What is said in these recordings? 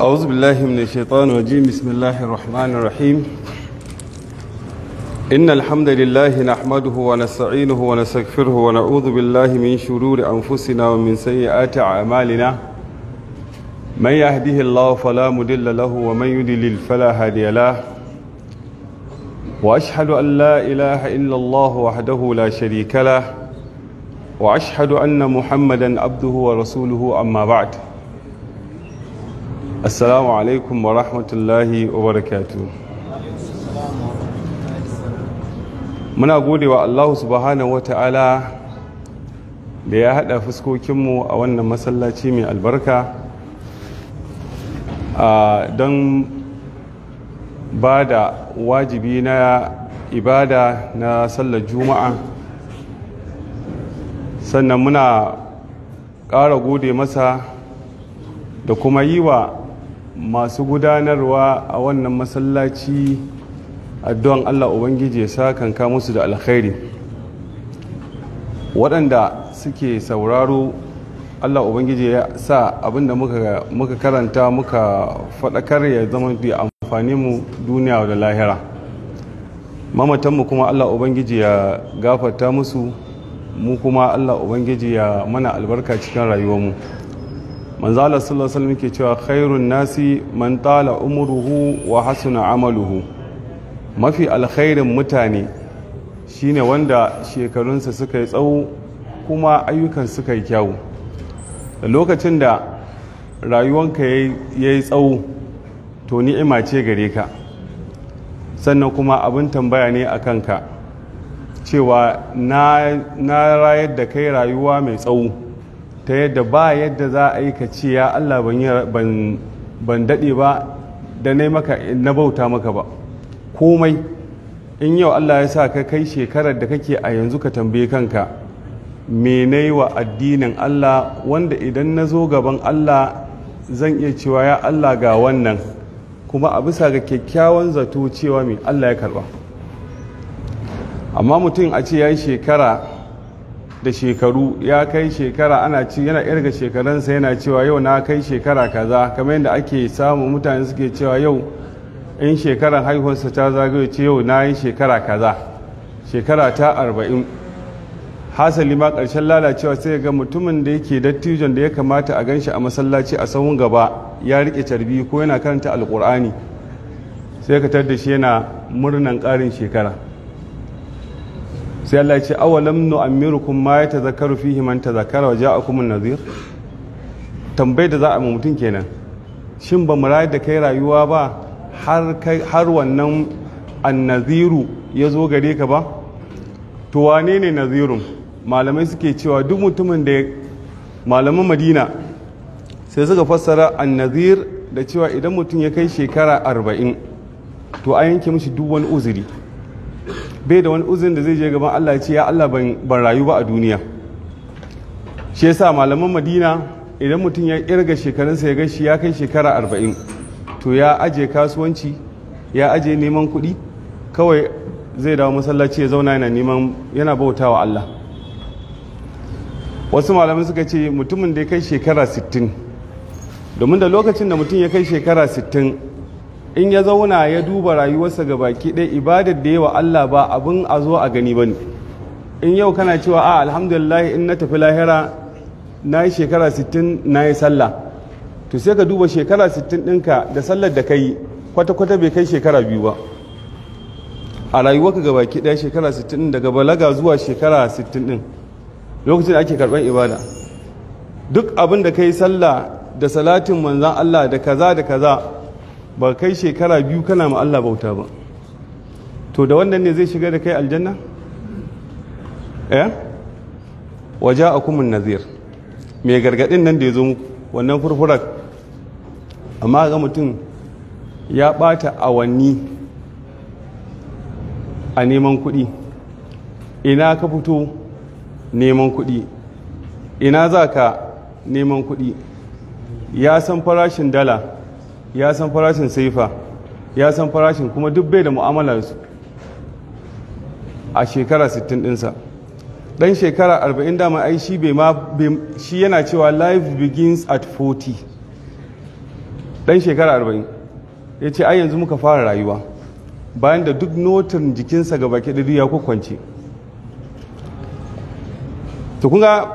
أعوذ بالله من الشيطان الرجيم بسم الله الرحمن الرحيم إن الحمد لله نحمده ونستعينه ونستغفره ونعوذ بالله من شرور أنفسنا ومن سيئات أعمالنا من يهده الله فلا مدل له ومن يدلل فلا هادي له وأشهد أن لا إله إلا الله وحده لا شريك له وأشهد أن محمدا عبده ورسوله أما بعد assalamu alaikum wa rahmatullahi wa barakatu muna gode wa allahu subhana wa ta'ala da ya haɗa fuskokinmu a wannan masallaci mai albarka don ba da wajibi na ibada na sallar juma'a sannan muna ƙara gode masa da kuma yi wa masu gudanarwa a wannan masallaci addu'an allah ubangiji ya sa kanka musu da alkhairi waɗanda suke sauraro allah ubangiji ya sa abinda muka karanta muka faɗakar ya zama bi amfani mu duniya da lahira mamatanmu kuma allah ubangiji ya gafata musu mu kuma allah ubangiji ya mana albarka cikin rayuwarmu manzala sallallahu ke cewa khairun nasi man tala umruhu wa hasuna amaluhu mafi alkhairin mutane shine wanda shekarunsa suka yi tsawo kuma ayyukan suka yi kyau da lokacin da rayuwanka ya yi tsawo to ni'ima ce gare ka sannan kuma abin tambaya ne a kanka cewa na rayar da kai rayuwa mai tsawo ta yadda ba yadda za a yi ka ce ya Allah ban daɗe ba da na maka na bauta maka ba komai in yau Allah ya sa ka kai shekarar da kake a yanzu ka tambaye kanka menai wa addinin Allah wanda idan na zo gaban Allah zan iya cewa ya Allah ga wannan kuma a bisa ga kyakkyawan zato cewa mai Allah ya karba amma mutum a ce ya yi shekara da shekaru ya kai shekara ana ci yana irga shekarunsa yana cewa yau na kai shekara kaza kamar yadda ake samu mutane suke cewa yau in shekarar haihuwarsa ta zagayo ce yau na yi shekara kaza shekara ta arba'in hasali ma karshen lalacewa sai ga mutumin da yake dattijon da ya kamata a ganshi a masallaci a sahun gaba ya rike carbi ko yana karanta alƙur'ani sai ka tar da shi yana murnan ƙarin shekara sai Allah ya ce awalam amirukum ma yatazakkaru fihi man tazakkara wa kuma nadhir tambayar da za a mutum kenan shin ba mu da kai rayuwa ba har wannan naziru ya zo gare ka ba to wane ne nazirun malamai suke cewa duk mutumin da malaman madina sai suka fassara annazir da cewa idan mutum ya kai shekara arba'in to a yanke mashi duk wani uzuri bai da wani uzun da zai je gaban Allah ya ce ya Allah ban rayu ba a duniya shi yasa malaman madina idan mutum ya kirga shekarunsa ya ga shi ya kai shekara arba'in to ya aje kasuwanci ya aje neman kuɗi kawai zai dawo masallaci ya zauna yana neman yana bautawa Allah wasu malamai suka ce mutumin da ya kai shekara sittin domin da lokacin da mutum ya kai shekara sittin in ya zauna ya duba rayuwarsa ga baki ɗaya ibadar da yawa Allah ba abin a zo a gani ba ne in yau kana cewa a alhamdulillah in na tafi lahira na yi shekara 60 na yi sallah to sai ka duba shekara 60 ɗinka da sallar da ka yi kwata-kwata bai kai shekara biyu ba a rayuwarka ga baki ɗaya shekara 60 daga balaga zuwa shekara 60 ɗin lokacin da ake karɓar ibada duk abin da ka yi sallah da salatin manzan Allah da kaza da kaza ba kai shekara biyu kana ma Allah bauta ba to da wannan ne zai shiga da kai aljanna eh waja'akumun nazir mai gargadin nan da ya zo muku wannan furfurar amma ga mutum ya bata awanni a neman kuɗi ina ka fito neman kuɗi ina za ka neman kuɗi ya san farashin dala ya san farashin saifa ya san farashin kuma duk bai da mu'amala su a shekara 60 dinsa dan shekara 40 dama ai shi bai ma shi yana cewa life begins at 40 dan shekara 40 ya ce ai yanzu muka fara rayuwa bayan da duk notin jikinsa ga baki ɗari ya kwakwance to kunga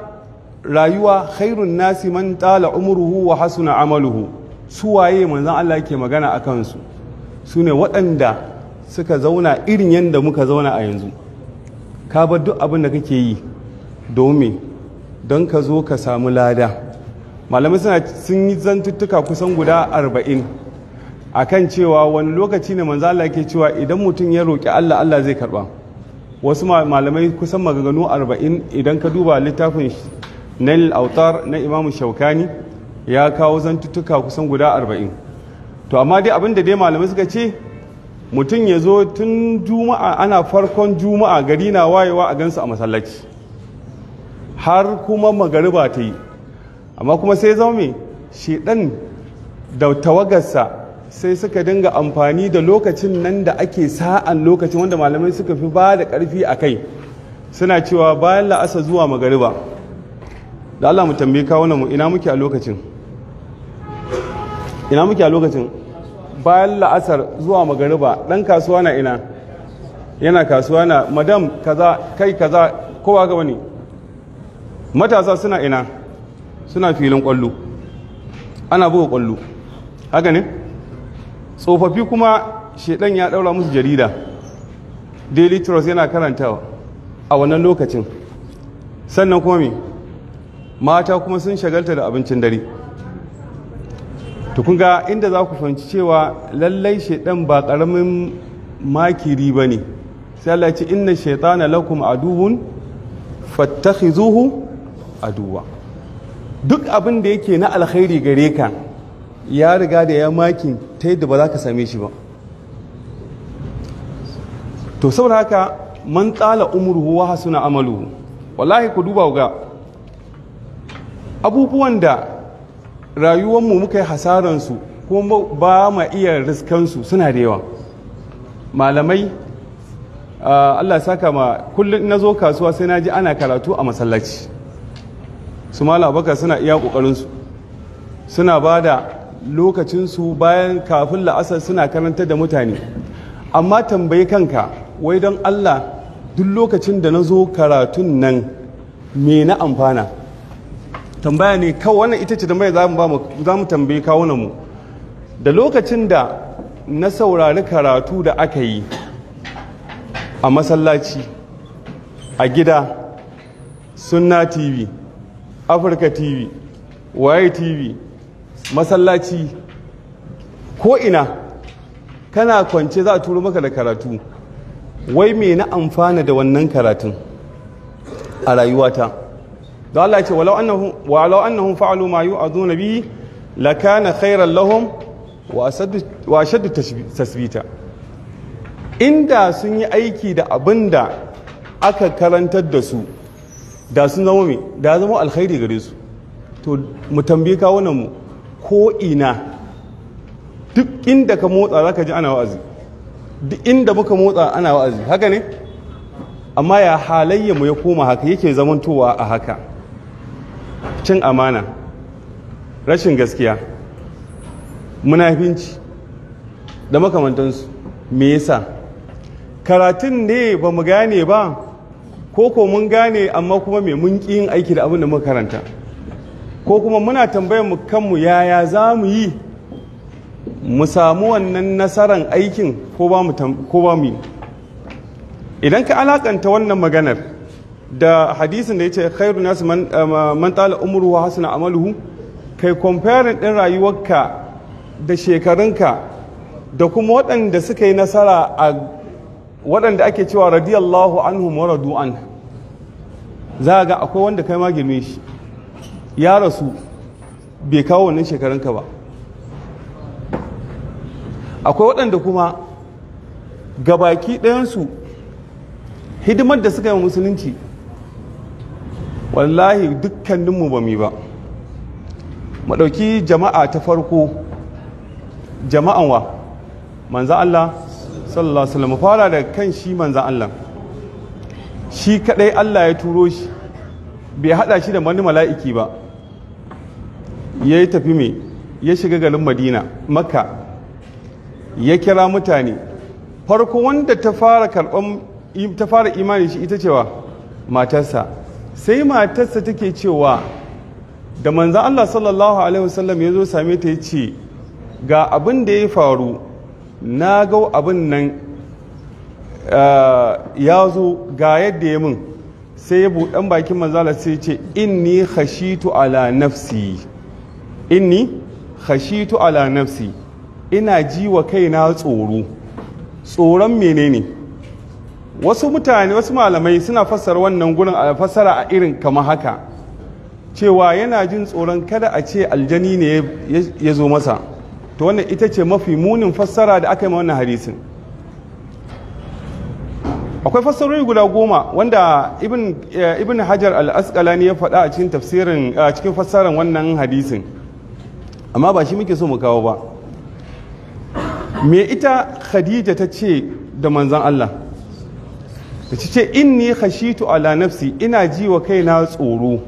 rayuwa khairun nasi man tala umruhu wa hasuna amaluhu su waye manzan Allah ke magana a kansu su ne waɗanda suka zauna irin yadda muka zauna a yanzu ka bar duk abin da kake yi domin don ka zo ka samu lada malamai suna sun yi zantuttuka kusan guda arba'in a kan cewa wani lokaci ne manzan Allah ke cewa idan mutum ya roƙi Allah Allah zai karɓa wasu malamai kusan magaganu arba'in idan ka duba littafin nail autar na imamu shaukani ya kawo zantuttuka kusan guda arba'in to amma dai abin da dai malamai suka ce mutum ya zo tun juma'a ana farkon juma'a gari na wayewa a gansu a masallaci har kuma magariba ta yi amma kuma sai zama mai shiɗan da tawagarsa sai suka dinga amfani da lokacin nan da ake sa'an lokacin wanda malamai suka fi ba da ƙarfi a kai suna cewa bayan la'asa zuwa magariba da Allah mu tambaye kawo mu ina muke a lokacin ina muke a lokacin bayan la'asar zuwa magariba ɗan kasuwa na ina yana kasuwa na madam kaza kai kaza kowa ga wani matasa suna ina suna filin kwallo ana buga kwallo haka ne tsofaffi kuma shedan ya daura musu jarida daily trust yana karanta a wannan lokacin sannan kuma me mata kuma sun shagalta da abincin dare to ga inda za ku fahimci cewa lallai shaidan ba karamin makiri ba ne sai Allah ce inna shaitana lakum aduwun fattakhizuhu aduwa duk abin da yake na alkhairi gare ka ya riga da ya makin ta yadda ba za ka same shi ba to saboda haka man tsala umruhu wa hasuna amalu wallahi ku duba ga abubuwan da rayuwanmu muka yi hasaransu kuma ba ma iya riskansu suna da yawa malamai Allah saka ma kullum na zo kasuwa sai na ji ana karatu a masallaci su malabaka suna iya ƙoƙarinsu suna ba da lokacinsu bayan kafin la'asar suna karanta da mutane amma tambayi kanka wai don Allah duk lokacin da na zo karatun nan me na amfana tambaya ne kawai wannan ita ce tambaya za mu tambayi kawunan mu da lokacin da na saurari karatu da aka yi a masallaci a gida sunna tv afirka tv waye tv masallaci ko ina kana kwance za a turo maka da karatu wai me na amfana da wannan karatun a rayuwata da Allah ya ce walau annahum walau annahum fa'alu ma yu'aduna bi lakana khairan lahum wa ashaddu tasbita inda sun yi aiki da abinda aka karantar da su da sun zama mai da zama alkhairi gare su to mu tambaye ka wannan mu ko ina duk inda ka motsa zaka ji ana wa'azi duk inda muka motsa ana wa'azi haka ne amma ya halayya mu ya koma haka yake zamantowa a haka cin amana rashin gaskiya munafinci da makamantansu me yasa karatun ne ba mu gane ba ko ko mun gane amma kuma me mun ƙi yin aiki da abin da muka karanta ko kuma muna tambayar mu kanmu yaya za mu yi mu samu wannan nasarar aikin ko ba mu yi idan ka alakanta wannan maganar da hadisin da ya ce khairu nasu eh, man tala umru wa hasana amaluhu kai comparing din rayuwarka da shekarunka da kuma waɗanda suka yi nasara a waɗanda ake cewa radiyallahu anhu maradu an za ga akwai wanda kai ma girme shi ya rasu bai kawo wannan shekarunka ba akwai waɗanda kuma gabaki ɗayansu hidimar da suka yi musulunci wallahi dukkaninmu ba mi ba maɗauki jama'a ta farko jama'an wa manzan Allah sallallahu alaihi wasallam fara da kan shi manzan Allah shi kadai Allah ya turo shi bai hada shi da wani mala'iki ba ya yi tafi mai ya shiga garin madina makka ya kira mutane farko wanda ta fara karɓar ta fara imani shi ita cewa matarsa sai matarsa take cewa da manzan Allah sallallahu alaihi wasallam ya zo same ta ya ce ga abin da ya faru na ga abin nan eh, ya zo ga yadda ya mun sai ya buɗan bakin manzala sai ce inni khashitu ala nafsi inni khashitu ala nafsi ina ji wa kaina tsoro tsoron menene ne wasu mutane wasu malamai suna fassara wannan gurin a fassara a irin kama haka cewa yana jin tsoron kada a ce aljani ne ya zo masa to wannan ita ce mafi munin fassara da aka yi wannan hadisin akwai fassarori guda goma wanda ibn eh, hajar al-asqalani ya faɗa a cikin tafsirin cikin fassarar wannan hadisin amma ba shi muke so mu kawo ba me ita khadija ta ce da manzan allah ta ce inni khashitu ala nafsi ina ji wa kaina tsoro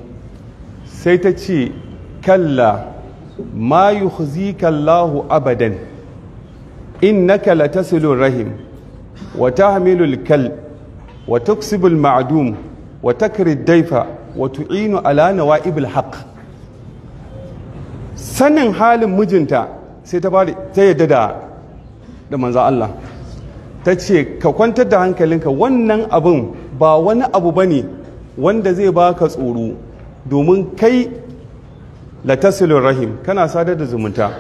sai ta ce kalla ma yukhzika Allahu abadan innaka latasilur rahim wa tahmilul kal wa tuksibul ma'dum wa takrid daifa wa tu'inu ala nawa'ibil haqq sanin halin mijinta sai ta yadda da da manzo Allah ta ce ka kwantar da hankalinka wannan abin ba wani abu ba ne wanda zai baka tsoro domin kai latasilin rahim kana sadar da zumunta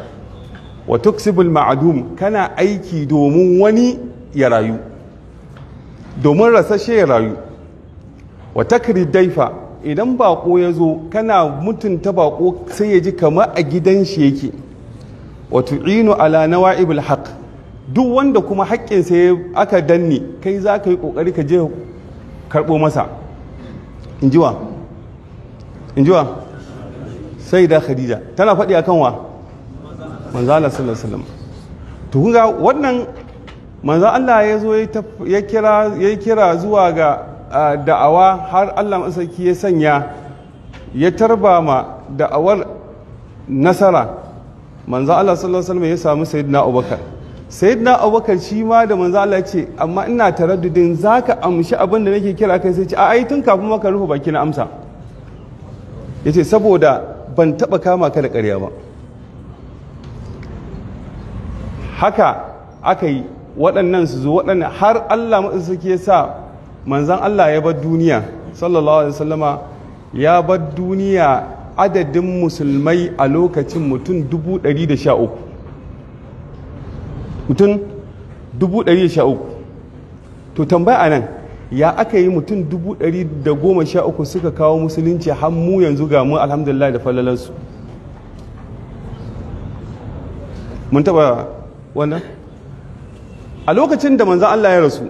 wa tuksibul ma'adum kana aiki domin wani ya rayu domin rasashe ya rayu wa takri daifa idan bako ya zo kana mutunta bako sai ya ji kama a gidan shi yake wa tu'inu ala nawa'ibul haqq duk wanda kuma haƙƙinsa ya aka danne kai za ka yi ƙoƙari ka je karɓo masa in jiwa in jiwa sai da khadija tana faɗi a kanwa manzana sallallahu to kun ga wannan manzan allah ya zo ya kira zuwa ga da'awa har allah masarki ya sanya ya tarba ma da'awar nasara manzan allah sallallahu ya samu sayyidina abubakar sayyidina abubakar shi ma da manzo ce amma ina taraddudin zaka amshi abin da nake kira kai sai ce a ai tun kafin maka rufe baki na amsa yace saboda ban taba kama ka da ƙarya ba haka aka yi waɗannan su zo waɗannan har Allah su ke sa manzan Allah ya bar duniya sallallahu alaihi wasallama ya bar duniya adadin musulmai a lokacin mutum dubu ɗari da sha uku. mutum 113 to tambaya a nan ya aka yi mutum 113 suka kawo musulunci har mu yanzu ga mu alhamdulillah da falalansu mun taba wannan a lokacin da manzan Allah ya rasu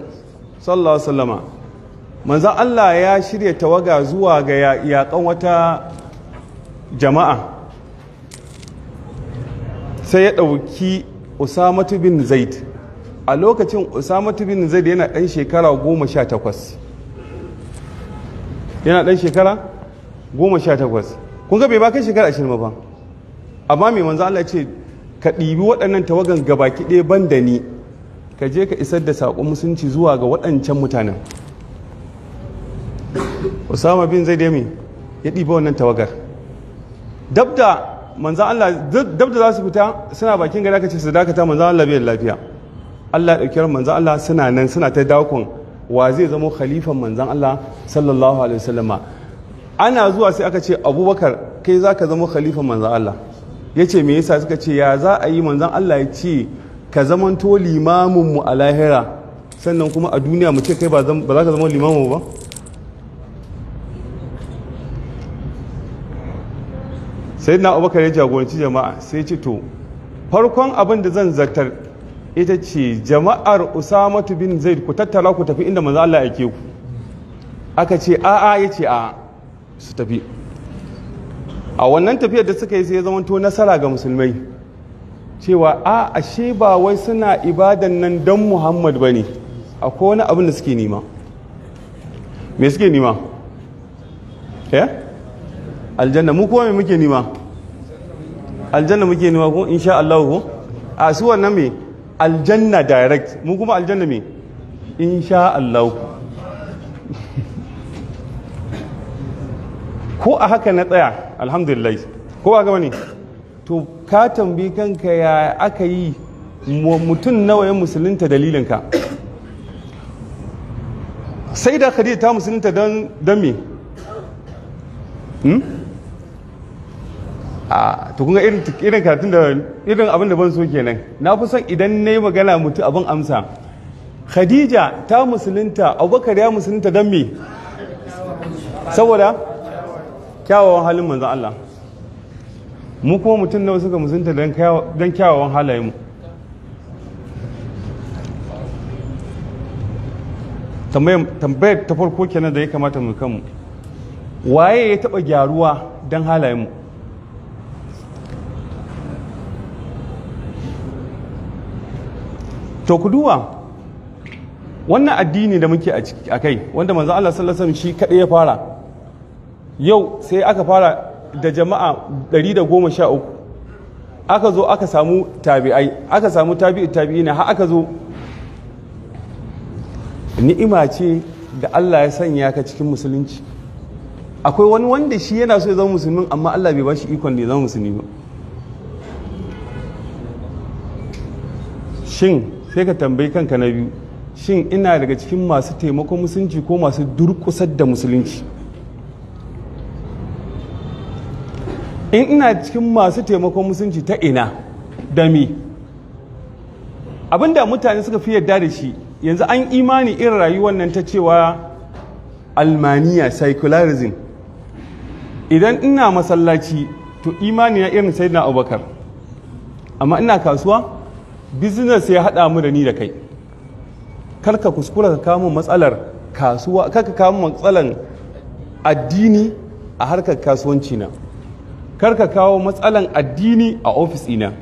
sallallahu sallama manzan Allah ya shirya tawaga zuwa ga yakan wata jama'a sai ya ɗauki usamatu bin zaid a lokacin usamatu bin zaid yana dan shekara goma sha takwas yana dan shekara goma sha takwas kun ga bai ba kai shekara ashirin ba amma mai manzo Allah ce ka ɗibi waɗannan tawagan gabaki ɗaya ban da ni ka je ka isar da saƙon musulunci zuwa ga waɗancan mutanen usama bin zaid ya ya ɗibi wannan tawagar da manzan Allah dab da za su fita suna bakin gari aka ce su dakata manzan Allah bai lafiya Allah ya ɗauki manzan Allah suna nan suna ta dakon wa zai zama khalifan manzan Allah sallallahu alaihi wasallama ana zuwa sai aka ce abubakar kai za ka zama khalifan manzan Allah ya ce me yasa suka ce ya za a yi manzan Allah ya ce ka zamanto limaminmu a lahira sannan kuma a duniya mu ce kai ba za ka zama limaminmu ba sai na abubakar ya jagoranci jama'a sai ce to farkon abin da zan zartar ita ce jama'ar usamatu bin zaid ku tattara ku tafi inda manzo Allah yake ku aka ce a'a ya ce a su tafi a wannan tafiyar da suka yi sai ya zama to nasara ga musulmai cewa a ashe ba wai suna ibadan nan don muhammad ba ne akwai wani abin da suke nima me suke nima eh aljanna mu kuma me muke nima aljanna muke nima ko insha Allah ko a su wannan me aljanna direct mu kuma aljanna me insha Allah ko a haka na tsaya alhamdulillah ko ba gaba ne to ka tambi kanka ya aka yi mutum nawa ya musulunta dalilinka sai da khadija ta musulunta don me hmm? a to kun ga irin irin karatun da irin abin da ban so kenan na fi son idan yi magana mutu abin amsa Khadija ta musulunta Abubakar ya musulunta don me saboda kyawawan halin manzon Allah mu kuma mutum nawa suka musulunta don kyawawan halayen mu tambayar ta farko kenan da ya kamata mu kanmu waye ya taba gyaruwa don halayen mu to ku duba wannan addini da muke a kai wanda manzo Allah sallallahu alaihi shi kadai ya fara yau sai aka fara da jama'a 113 aka zo aka samu tabi'ai aka samu tabi'i ne har aka zo ni'ima ce da Allah ya sanya ka cikin musulunci akwai wani wanda shi yana so ya zama musulmin amma Allah bai ba ikon da ya zama musulmi ba shin sai ka tambayi kanka na biyu shin ina daga cikin masu taimakon musulunci ko masu durƙusar da musulunci in ina cikin masu taimakon musulunci ta ina da mi abinda mutane suka fi yarda da shi yanzu an imani irin rayuwar nan ta cewa almaniya secularism idan ina masallaci to imani na irin sai na abubakar amma ina kasuwa business ya haɗa mu da ni da kai karka kuskura ka kamo matsalar kasuwa karka kamo matsalar addini a harkar kasuwanci na karka kawo matsalan addini a ofis ina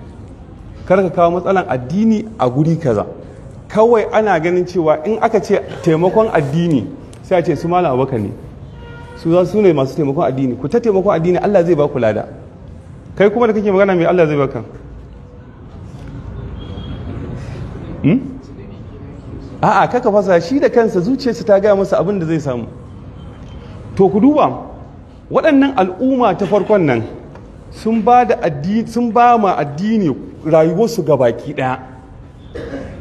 karka kawo matsalan addini a guri kaza kawai ana ganin cewa in aka ce taimakon addini sai a ce su malam abubakar ne su za su ne masu taimakon addini ku ta taimakon addini Allah zai ba ku lada kai kuma da kake magana mai Allah zai baka Hmm? a'a kaka fasa shi da kansa zuciyarsa ta gaya masa abin da zai samu to ku duba waɗannan al'umma ta farkon nan sun ba addini rayuwarsu ga baki ɗaya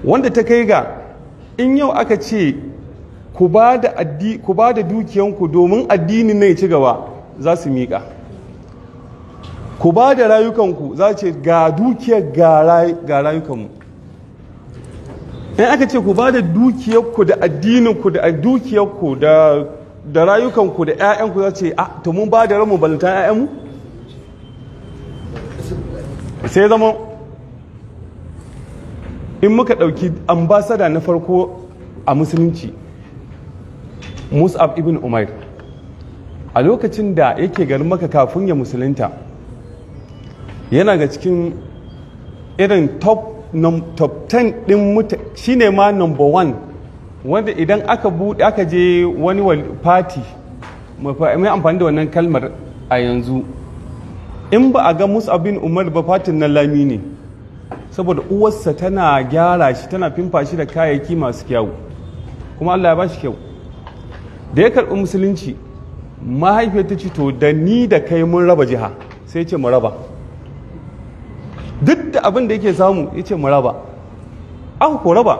wanda ta kai ga in yau aka ce ku ba da dukiyanku domin addini ne ci gaba za su miƙa ku ba da rayukanku za ce ga dukiyar ga rayukanmu in aka ce ku ba da dukiyarku da addininku da dukiyarku da rayukanku da 'ya'yanku za ce a ah, to mun ba da ranmu balanta 'ya'yanmu sai zama in muka ɗauki ambasada na farko a musulunci mus'ab ibn umair a lokacin da yake garin maka kafin ya musulunta yana ga cikin irin top top 10 din muta ne ma number one wanda idan aka bude aka je wani party mai amfani da wannan kalmar a yanzu in ba a ga musu abin umar ba fatin na lami ne saboda uwarsa tana gyara shi tana fimfa shi da kayayyaki masu kyau kuma Allah ya ba shi kyau da ya karɓi musulunci mahaifiyar ta ce to da ni da kai mun raba jiha sai ce mu raba da abin da yake samu ya ce mu aka ko raba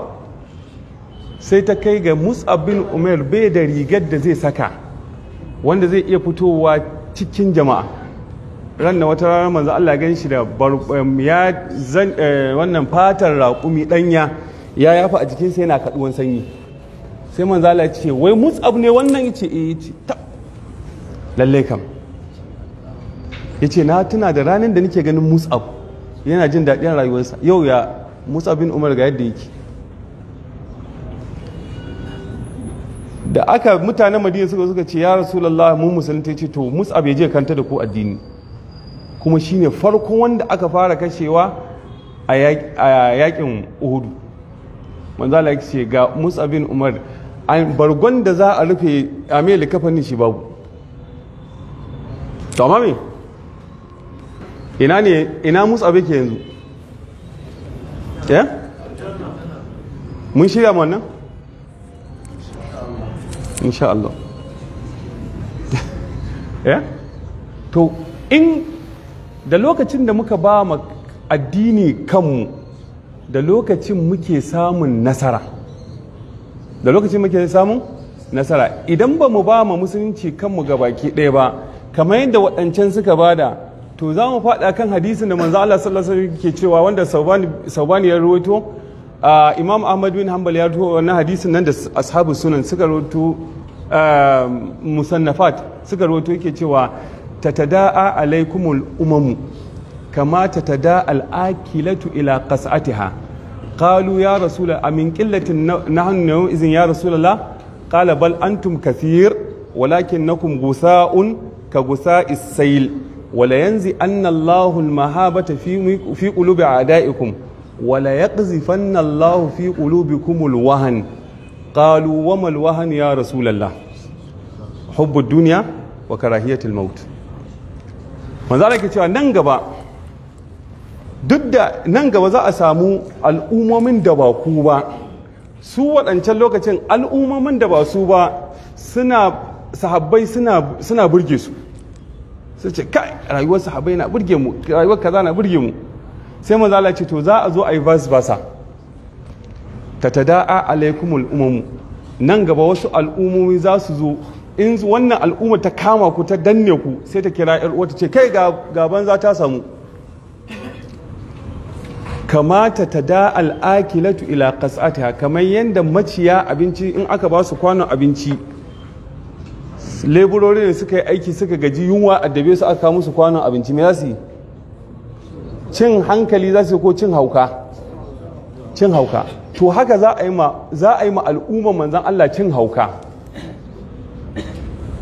sai ta kai ga musa bin umar bai da rigar da zai saka wanda zai iya fitowa cikin jama'a ran da wata rana manzo Allah gan shi da um, ya zan eh, wannan fatar raƙumi danya ya yafa a jikinsa yana kaduwan sanyi sai manzo Allah ce wai mus'ab ne wannan yace eh yace lalle kam yace na tuna da ranar da nake ganin mus'ab yana jin daɗin rayuwarsa yau ya musa bin umar ga yadda yake da aka mutanen madina suka suka ce ya rasulullah mu musulunta ce to musa bai je kanta da ku addini kuma shine farko wanda aka fara kashewa a yakin uhudu manzala ya ce ga musa bin umar bargon da za a rufe a mai likafanin shi babu to amma me ina ne ina mus'ab yake yanzu eh mun shirya mu wannan insha Allah eh to in da lokacin da muka ba mu addini kanmu da lokacin muke samun nasara da lokacin muke samun nasara idan ba mu ba mu musulunci kanmu ga baki ɗaya ba kamar yadda waɗancan suka bada to za mu faɗa kan hadisin da manzo Allah sallallahu alaihi wasallam ke cewa wanda Saubani ya rawaito Imam Ahmad bin Hanbal ya rawaito wannan hadisin nan da ashabu sunan suka rawaito musannafat suka rawaito yake cewa tatada'a alaikumul umamu kama tatada'a al'akilatu ila qas'atiha qalu ya rasul amin qillatin nahnu yawm izin ya rasulullah qala bal antum kathir walakinnakum gusa'un ka gusa'is sayl wala yanzi anna Allahu al-mahabata fi fi qulubi a'daikum wala yaqzifanna Allahu fi qulubikum al-wahn qalu wa mal wahn ya rasulullah hubbu dunya wa karahiyatul maut ke cewa nan gaba duk da nan gaba za a samu al'ummomin da ba ku ba su waɗancan lokacin al'ummomin da ba su ba suna sahabbai suna burge su sai ce kai rayuwar sahabbai na burge mu rayuwar kaza na burge mu sai manzo Allah ce to za a zo a yi vas basa tatada'a alaikumul umamu nan gaba wasu al'ummomi za su zo in wannan al'umma ta kama ku ta danne ku sai ta kira yar uwa ce kai gaban za ta samu kamata ta da al'akilatu ila kasata kamar yadda maciya abinci in aka ba su kwanon abinci leburori ne suka yi aiki suka gaji yunwa a dabe su aka musu kwanon abinci me zasu su yi cin hankali za su ko cin hauka cin hauka to haka za a yi ma za a yi ma al'umma manzan Allah cin hauka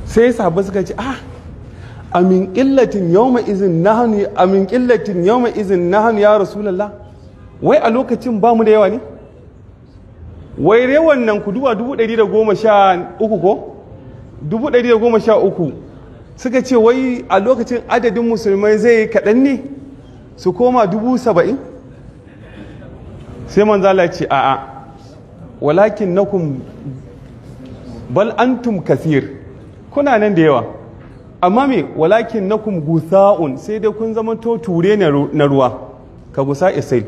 sai sahabbai suka ce ah amin qillatin yawma izin nahnu amin qillatin yawma izin nahnu ya rasulullah wai a lokacin ba mu da yawa ne wai rewan nan kuduwa dubu ɗari da goma sha uku ko 1,113 suka ce wai a lokacin adadin musulmai zai kaɗan ne su koma 70,000 sai manzala ce a'a walakin na bal bal'antum kasir kuna nan da yawa amma mai walakin kun gusa'un sai dai kun zama to ture na ruwa ka gusa isai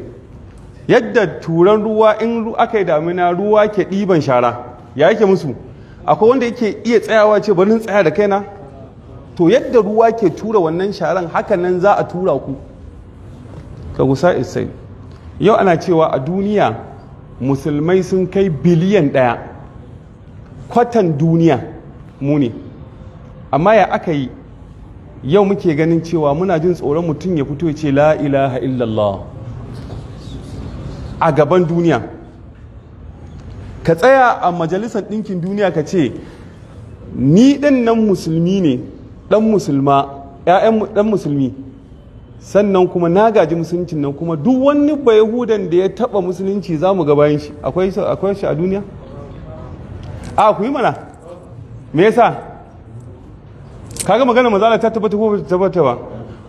yadda turan ruwa in aka yi damina ruwa ke ɗiban shara ya yake musu akwai wanda yake iya tsayawa ce bari tsaya da kaina to yadda ruwa ke tura wannan sharan haka nan za a tura ku ka gusa isai yau ana cewa a duniya musulmai sun kai biliyan ɗaya kwatan duniya mu amma ya aka yi yau muke ganin cewa muna jin tsoron mutum ya fito ya ce la ilaha illallah a gaban duniya ka tsaya a majalisar ɗinkin duniya ka ce ni ɗin nan musulmi ne ɗan musulma ‘ya'yan ɗan musulmi sannan kuma na gaji musuluncin nan kuma duk wani bayahudan da ya taɓa musulunci za mu gabayin shi akwai shi a duniya a ku yi mana me yasa kaga magana mazala ta tabbata ko ta tabbata ba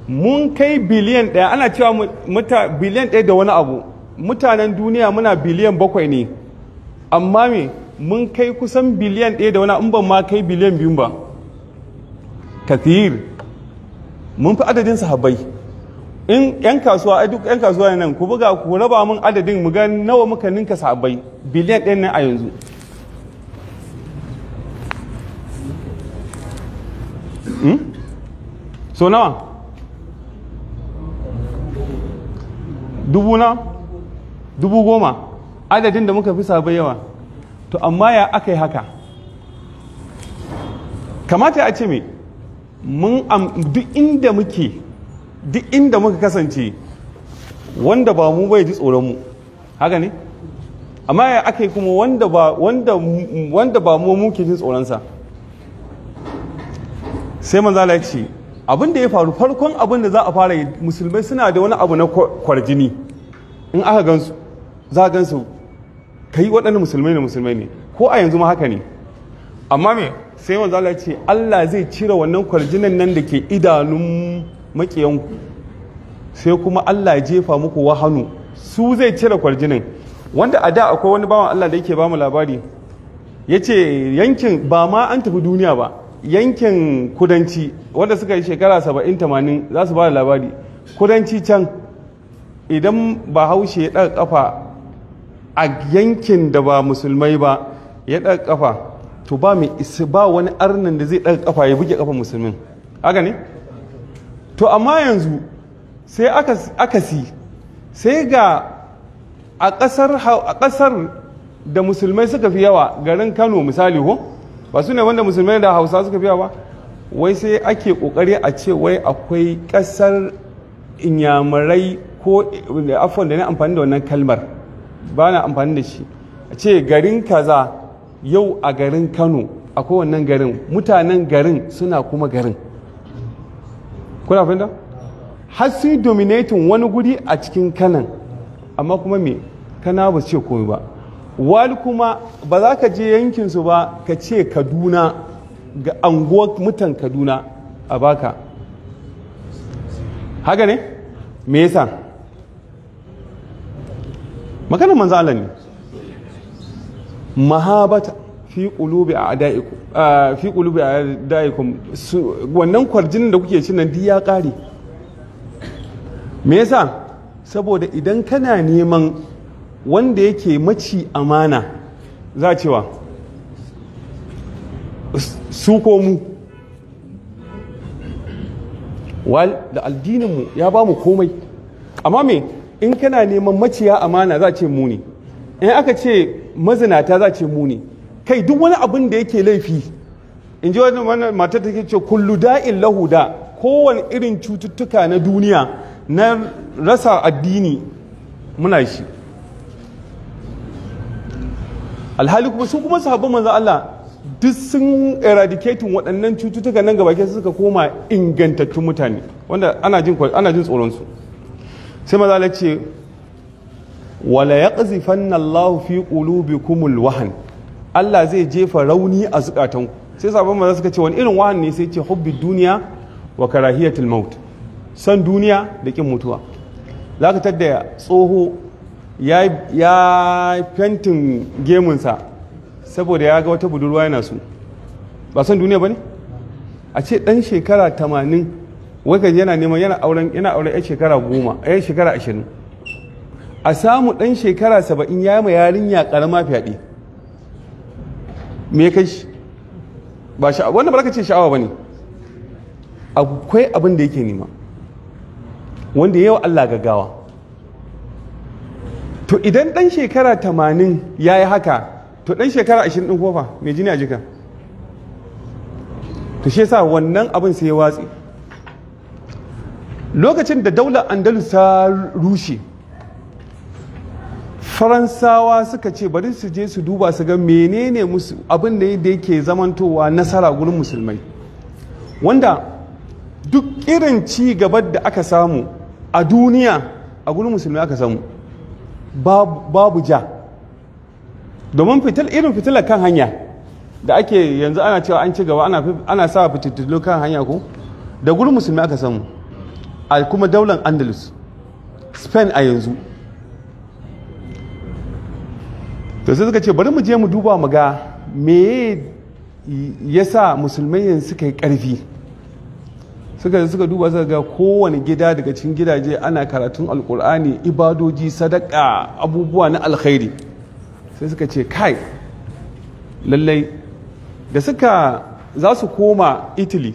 mun kai biliyan ɗaya ana cewa biliyan ɗaya da wani abu mutanen duniya muna biliyan bakwai ne amma me mun kai kusan biliyan ɗaya da wani ban ma kai biliyan biyun ba kathir mun fi adadin sahabbai in yan kasuwa a duk yan kasuwa ne nan ku buga ku raba mun adadin mu ga nawa muka ninka sahabbai biliyan ɗaya nan a yanzu hmm? so nawa dubu na dubu goma adadin da muka fi sabai yawa to amma ya aka yi haka kamata a ce me mun duk inda muke duk inda muka kasance wanda ba mu bai ji tsoron mu haka ne amma ya aka yi kuma wanda ba wanda wanda ba mu muke jin tsoronsa sai manzala ya ce abin da ya faru farkon abin da za a fara musulmai suna da wani abu na kwarjini in aka gansu za a gansu kai waɗanda musulmai ne musulmai ne ko a yanzu ma haka ne amma me sai manzo Allah ce Allah zai cire wannan kwarjinan nan da ke idanun makiyanku sai kuma Allah jefa muku wa hannu su zai cire kwaljinan wanda a da akwai wani bawan Allah da yake ba mu labari ya ce yankin ba ma an tafi duniya ba yankin kudanci wanda suka yi shekara saba'in tamanin za su ba da labari kudanci can idan ba haushe ya ɗaga kafa a yankin da ba musulmai ba ya ɗaga ƙafa to ba mai ba wani arnin da zai ɗaga ƙafa ya buge kafa musulmin haka ne to amma yanzu sai aka si sai ga a ƙasar da musulmai suka fi yawa garin kano misali ko ba su ne wanda musulmai da hausa suka fi yawa wai sai ake ƙoƙari a ce wai akwai ƙasar inyamurai ko eh, afon da ne amfani da wannan kalmar ba na amfani da shi a ce garin kaza yau a garin kano a kowannan garin mutanen garin suna kuma garin kuna fahimta har sun dominatin wani guri a cikin kanan amma kuma me kana ba ce komai ba wani kuma ba za ka je yankinsu ba ka ce kaduna ga anguwar mutan kaduna a baka haka ne me yasa maganar manzo Allah ne mahabata fi qulubi a'daikum fi qulubi a'daikum wannan kwarjinin da kuke cin nan ya kare me yasa saboda idan kana neman wanda yake maci amana za cewa su ko wal da addininmu ya ba mu komai amma me in kana neman maciya amana za ce muni, in aka ce mazinata za ce muni kai duk wani abin da yake laifi in ji wani matar take ce kullu da'in lahuda kowane irin cututtuka na duniya na rasa addini muna shi alhali kuma su kuma sahabban manzo Allah duk sun eradicating waɗannan cututtuka nan gaba suka koma ingantattun mutane wanda ana jin tsoron su sai maza ce wala ya ƙazifanna Allah fi kumul wahan Allah zai jefa rauni a zukatanku sai sabon maza suka ce wani irin wahan ne sai ce hubbi duniya wa karahiyatul maut san duniya da kin mutuwa za ka tadda tsoho ya fentin gemunsa saboda ya ga wata budurwa yana su ba san duniya ba ne a ce ɗan shekara tamanin wai yana neman yana auren yana auren yan shekara goma yan shekara ashirin a samu ɗan shekara saba'in ya ma yarinya ƙarama fyaɗe me kai shi ba sha wannan ba ka ce sha'awa ba ne akwai abin da yake nema wanda yawa Allah gaggawa to idan ɗan shekara tamanin ya yi haka to ɗan shekara ashirin ɗin kofa mai jini a jika to shi sa wannan abin sai ya watsi lokacin da daular andalus ta rushe faransawa suka ce bari su je su duba su ga menene abin da yake zamantowa nasara gurin musulmai wanda duk irin ci gabar da aka samu a duniya a gurin musulmai aka samu babu ja domin irin fitilar kan hanya da ake yanzu ana cewa an ci gaba ana sa fitattun kan hanya ko da gurin musulmai aka samu a kuma daular andalus spain a yanzu to sai suka ce bari mu je mu duba mu ga me ya sa musulmai yanzu suka yi ƙarfi suka suka duba suka ga kowane gida daga cikin gidaje ana karatun alkur'ani ibadoji sadaka abubuwa na alkhairi sai suka ce kai lallai da suka za su koma italy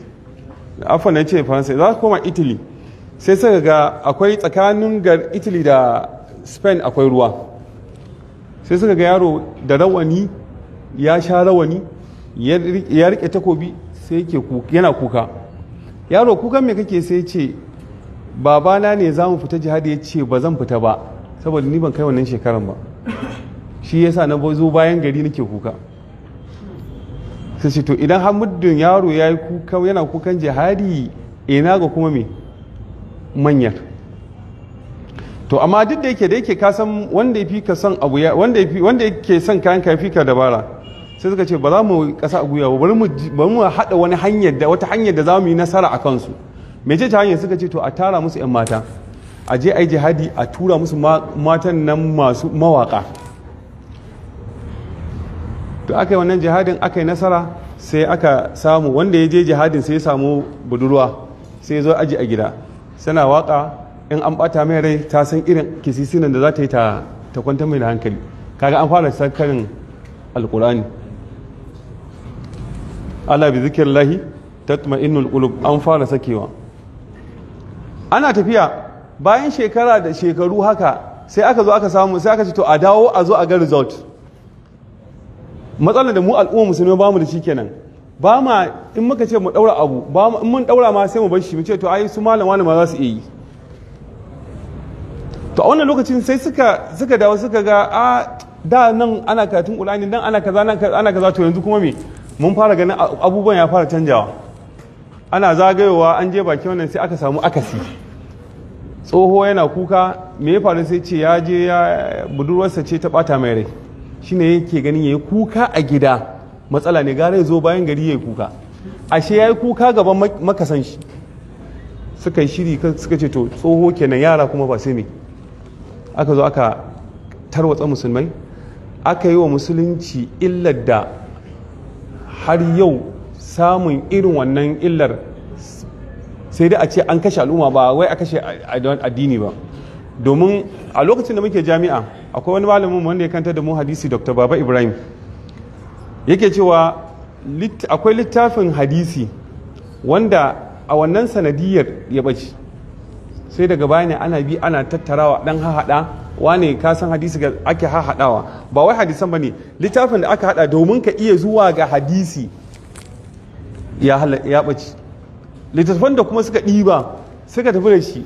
afa na ce faransa za su koma italy sai suka ga akwai tsakanin gar italy da spain akwai ruwa sai suka ga yaro da rawani ya sha rawani ya rike takobi sai yana kuka yaro kukan me kake sai ce babana ne za mu fita jihadi ya ce ba zan fita ba saboda ni ban kai wannan shekaran ba shi yasa na zo bayan gari nake kuka sai ce to idan har yaro ya yi kuka yana kukan jihadi ina ga kuma me manyan to amma duk da yake da yake kasan wanda yafi ka son abu ya wanda yafi wanda yake son kayan ka yafi ka dabara sai suka ce ba za mu kasa a guya bari mu bari mu hada wani hanyar da wata hanyar da za mu yi nasara a kansu me ce ta hanyar suka ce to a tara musu yan mata a je ai jihadi a tura musu matan nan masu mawaka to aka yi wannan jihadin aka yi nasara sai aka samu wanda ya je jihadin sai ya samu budurwa sai ya zo aji a gida suna waka in an bata mai rai ta san irin kisisinan da za ta yi ta kwanta mai da hankali kaga an fara karin alkurani ala bi zikirlahi inu qulub an fara sakewa ana tafiya bayan shekara da shekaru haka sai aka zo aka samu sai aka ce to a dawo a zo a ga result matsalar da mu al'umma musulmi ba mu da shi kenan ba ma in muka ce mu daura abu ba ma in mun daura ma sai mu bar shi mu ce to ai su malama ne ma za su iya yi to a wannan lokacin sai suka suka dawo suka ga a da nan ana karatun qur'ani nan ana kaza ana kaza to yanzu kuma me mun fara ganin abubuwan ya fara canjawa ana zagayowa an je baki wannan sai aka samu akasi tsoho yana kuka me ya faru sai ce ya je ya budurwarsa ce ta bata mai rai shine yake ganin yayi kuka a gida matsala ne gara zo bayan gari ya yi kuka ashe ya yi kuka gaban makasan shi suka shiri suka ce to tsoho kenan yara kuma ba sai me aka zo aka tarwatsa musulmai aka yi wa musulunci illar da har yau samun irin wannan illar sai dai a ce an kashe al'umma ba wai a kashe addini ba domin a lokacin da muke jami'a akwai wani malamin wanda ya kanta da mu hadisi dr baba ibrahim yake cewa akwai littafin hadisi wanda a wannan sanadiyar ya bace sai daga bayani ana bi ana tattarawa dan hahaɗa wane ka san hadisi ga ake hahaɗawa ba wai hadisan ne littafin da aka haɗa domin ka iya zuwa ga hadisi ya bace littafin da kuma suka ɗiba suka tafi da shi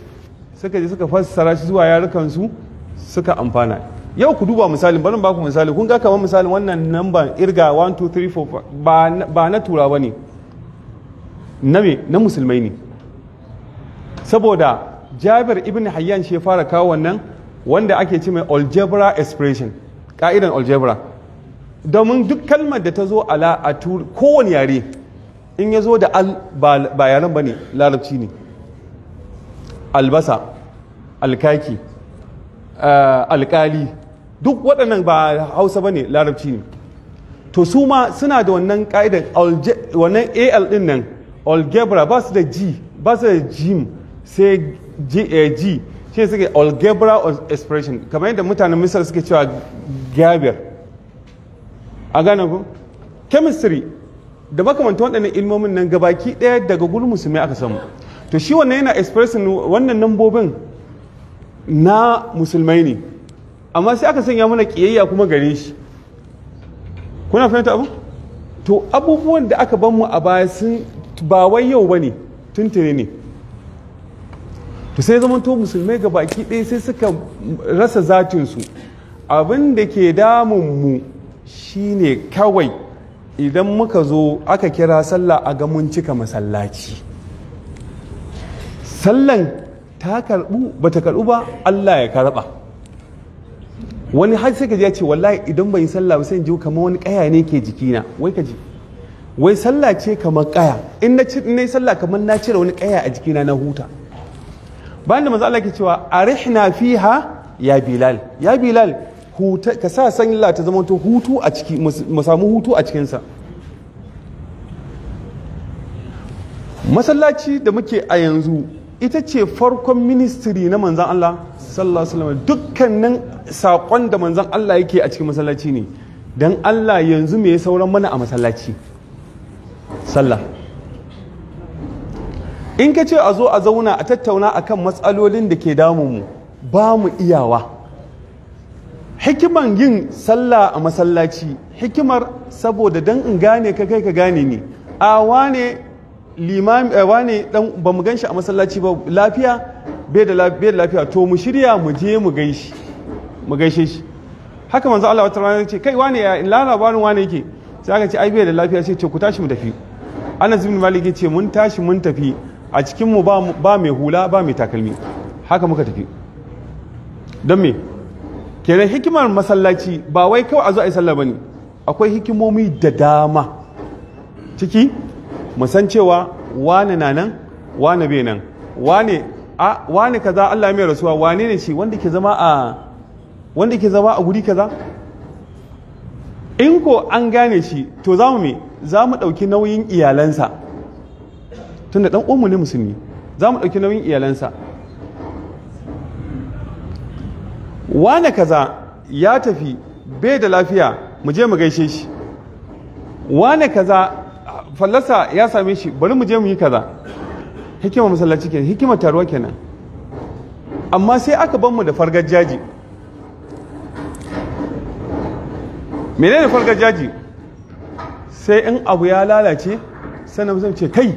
suka je suka fassara shi zuwa yarukansu suka amfana yau ku duba misalin barin baku misali kun ga kamar misalin wannan namba irga 1234 ba na tura ba ne na musulmai ne saboda jabir ibn hayyan shi fara kawo wannan wanda ake ce mai algebra expression ka'idan algebra domin duk kalmar da ta zo ala a kowane yare in ya zo da al ba yaren ba ne larabci ne albasa alkaki eh, alkali duk waɗannan ba hausa ba ne larabci ne to su ma suna da wannan ƙa'idar wannan al ɗin nan algebra ba su da g ba su da jim sai eh, g shi ne suke algebra of expression kamar yadda mutanen misal suke cewa gabir a gane ku chemistry da makamantan waɗannan ilmomin nan gabaki ɗaya daga gurin musulmi aka samu to shi wannan yana expressing wannan nambobin na musulmai ne amma sai aka sanya mana kiyayya kuma gare shi kuna fahimta abu to abubuwan da aka ban mu a baya sun ba wai yau bane tuntuni ne to sai zaman to musulmai ga baki ɗaya sai suka rasa zatin su abin da ke damun mu shine kawai idan muka zo aka kira sallah a ga mun cika masallaci sallan ta karɓu ba ta karɓu ba allah ya karɓa wani har sai ka ji ya ce wallahi idan bai yi sallah ba sai ji kamar wani kaya ne ke jikina wai ka ji wai sallah ce kamar kaya in na yi sallah kamar na cire wani kaya a jikina na huta bayan da manzo Allah ke cewa arihna fiha ya bilal ya bilal huta ka sa ta zama to hutu a ciki mu samu hutu a cikin sa masallaci da muke a yanzu ita ce farkon ministry na manzan Allah sallallahu alaihi wasallam dukkanin saƙon da manzan Allah yake a cikin masallaci ne dan Allah yanzu me ya sauran mana a masallaci sallah in ka ce a zo a zauna a tattauna akan matsalolin da ke damunmu ba mu iyawa hikiman yin sallah a masallaci hikimar saboda dan in gane ka kai ka gane ni awa ne limami eh, wani dan ba mu shi a masallaci ba lafiya bai da lafiya to mu shirya mu je mu gaishi mu gaishe shi haka manzo Allah wata rana ce kai wane ya la labarin wane yake sai aka ce ai bai da lafiya sai ce ku tashi mu tafi Anas ibn Malik ce mun tashi mun tafi a cikin mu ba mai hula ba mai takalmi haka muka tafi don me kenan hikimar masallaci ba wai kawai a zo a yi sallah bane akwai hikimomi da dama ciki mu san cewa wani na nan wani bai nan wani a wani kaza Allah mai rasuwa wane ne shi wanda ke zama a wanda ke zama a guri kaza in ko an gane shi to za mu me za mu ɗauki nauyin iyalansa tunda ɗan uwanmu ne musulmi za mu ɗauki nauyin iyalansa wane kaza ya tafi bai da lafiya mu je mu gaishe shi wane kaza fallasa ya same shi bari mu je mu yi kaza hikima masallaci kenan hikima taruwa kenan amma sai aka ban mu da fargar jaji menene fargar jaji sai in abu ya lalace sannan zan ce kai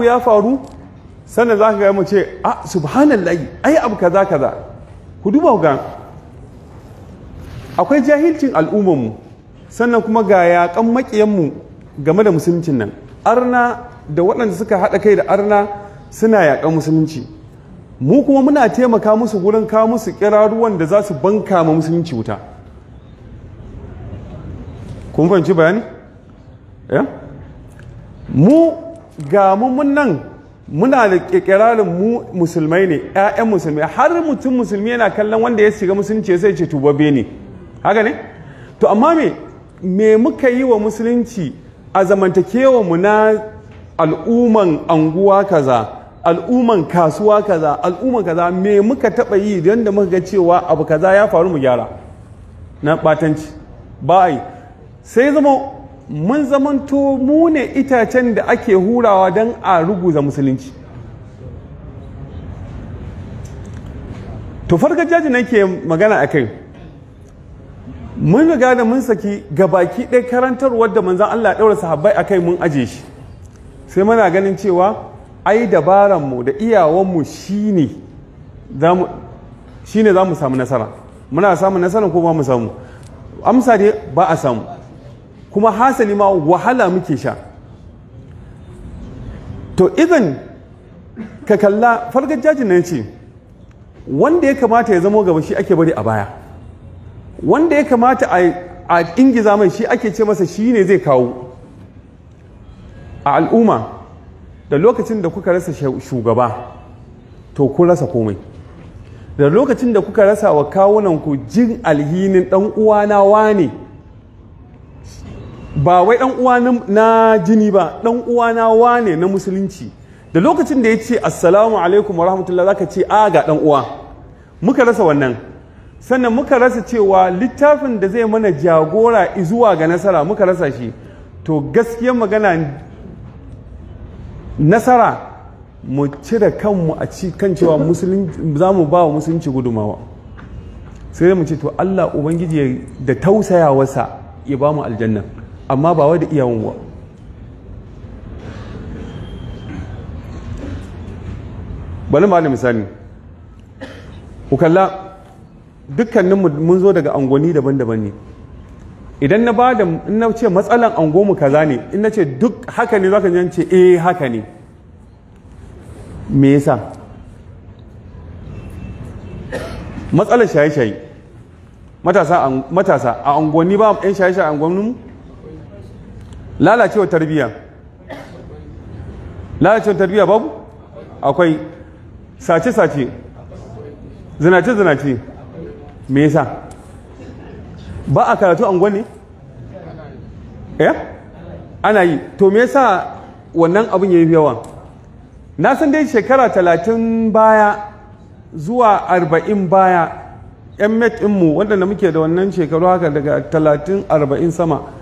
abu ya faru sannan za ka ga mu ce a ah, subhanallahi ai abu kaza kaza ku duba ga akwai jahilcin al'ummarmu sannan kuma ga yaƙan makiyanmu game da musuluncin nan arna da waɗanda suka haɗa kai da arna suna yaƙan musulunci mu kuma muna taimaka musu gurin kawo musu kiraruwan da za su banka ma musulunci wuta kun fahimci bayani eh? mu ga mun nan muna da kikirarin mu musulmai ne ƴaƴan musulmai har mutum musulmi yana kallon wanda ya shiga musulunci sai ce tubabe ne haka ne to amma me me muka yi wa musulunci a zamantakewa mu na al'umman anguwa kaza al'umman kasuwa kaza al'umman kaza me muka taba yi don da muka ga cewa abu kaza ya faru mu gyara na batanci ba ai sai zama mun zamanto mu ne itacen da ake hurawa don a ruguza musulunci to na nake magana a kai mun riga da mun saki ga baki ɗaya karantarwar da manzan Allah ɗaura sahabbai a kai mun aje shi sai muna ganin cewa ai dabaranmu da iyawanmu shi ne za mu samu nasara muna samun nasara ko ba mu samu amsa dai ba a samu kuma hasali ma wahala muke sha to idan ka kalla farkar jajin nan ce wanda ya kamata ya zamo gaba shi ake bari a baya wanda ya kamata a ingiza mai shi ake ce masa shi ne zai kawo a al'umma da lokacin da kuka rasa shugaba to kun rasa komai da lokacin da kuka rasa wa kawunanku jin alhinin uwa na wane ba wai dan uwa na jini ba dan uwa na wane na musulunci da lokacin da ya ce assalamu alaikum wa rahmatullah ka ce a ga dan uwa muka rasa wannan sannan muka rasa cewa littafin da zai mana jagora zuwa ga nasara muka rasa shi to gaskiyar magana nasara mu cire kanmu a ci kan cewa za mu ba wa musulunci gudumawa sai mu ce to Allah ubangiji da wasa ya ba mu aljanna amma ba wai da iyawan wa bari ni misali ku kalla dukkaninmu mun zo daga angoni daban-daban ne idan na ba da na ce matsalan angomu kaza ne in na ce duk haka ne zaka ji ce eh haka ne me yasa matsalar shaye-shaye matasa a angoni ba yan shaye-shaye a angonin mu lalacewa tarbiyya lalacewa tarbiyya babu akwai sace-sace zinace-zinace me yasa ba a karatu an gwani? eh ana yi to me yasa wannan abin ya yi yawa na san dai shekara talatin baya zuwa arba'in baya yan met mu waɗanda muke da wannan shekaru haka daga talatin arba'in sama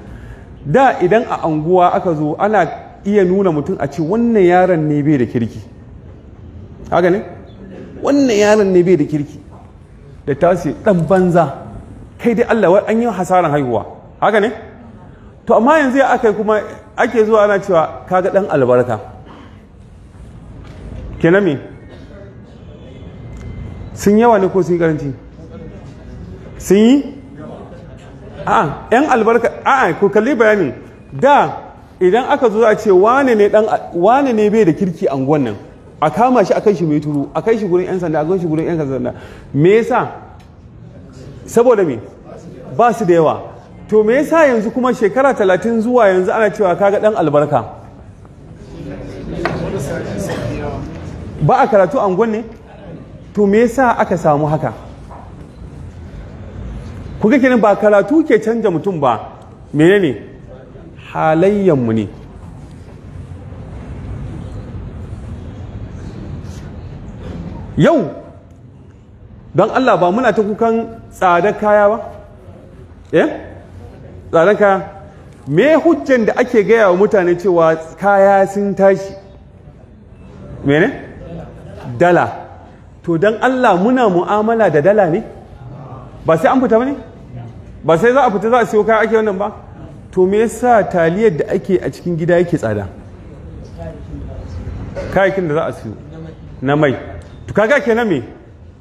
da idan a anguwa aka zo ana iya nuna mutum a ce wannan yaron ne bai da kirki haka ne wannan yaron ne bai da kirki da ta ce dan banza kai dai Allah wai an yi hasaran haihuwa haka ne to amma yanzu aka kuma ake zuwa ana cewa kaga dan albarka kenan me sun yawa ne ko sun karanci sun yi a'a yan albarka a ku kalli bayani da idan aka zo a ce wane ne dan wane ne bai da kirki anguwan nan a kama shi a kai shi mai turu a kai shi gurin yan sanda a kai shi gurin yan sanda me yasa saboda me ba su da yawa to me yasa yanzu kuma shekara talatin zuwa yanzu ana cewa kaga dan albarka ba a karatu angon ne to me yasa aka samu haka ku ga kenan ba karatu ke canja mutum ba menene halayyan mu ne yau don Allah ba muna ta kukan tsadar kaya ba eh tsadar kaya me hujjan da ake gaya wa mutane cewa kaya sun tashi mene dala to don Allah muna mu'amala da dala ne ba sai an fita ba ne ba sai za a fita za a siyo kayan ake wannan ba to me yasa taliyar da ake a cikin gida yake tsada kayakin da za a siyo na mai to kaga kenan me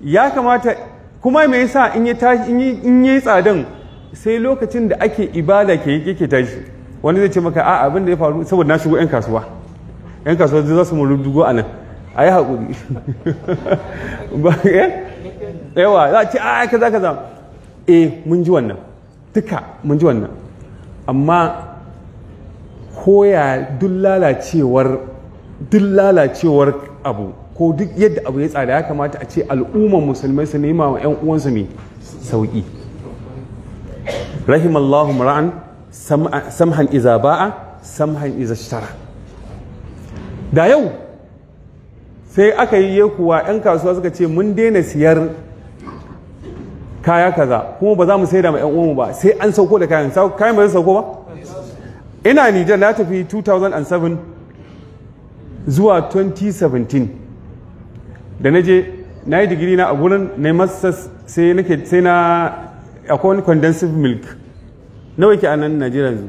ya kamata kuma me yasa in yi tashi in yi tsadan sai lokacin da ake ibada ke yake tashi wani zai ce maka a abin da ya faru saboda na shigo yan kasuwa yan kasuwa za su mu dugo a nan a yi haƙuri eh? yawa za a ce a kaza kaza eh mun ji wannan duka mun ji wannan amma koya duk lalacewar duk lalacewar abu ko duk yadda abu ya tsada ya kamata a ce al'umman musulmai su nema wa 'yan uwansu mai sauƙi rahimallahu mura'an samhan iza ba'a samhan iza shara da yau sai aka yi kuwa 'yan kasuwa suka ce mun daina siyar kaya kaza kuma ba za mu saida ma 'yan uwanmu ba sai an sauko da kayan kayan ba zai sauko ba ina Nijar na tafi 2007 zuwa 2017 da na je na yi digiri na a gurin na masters sai sai na akwai wani condensed milk nawa ke a nan Najeriya yanzu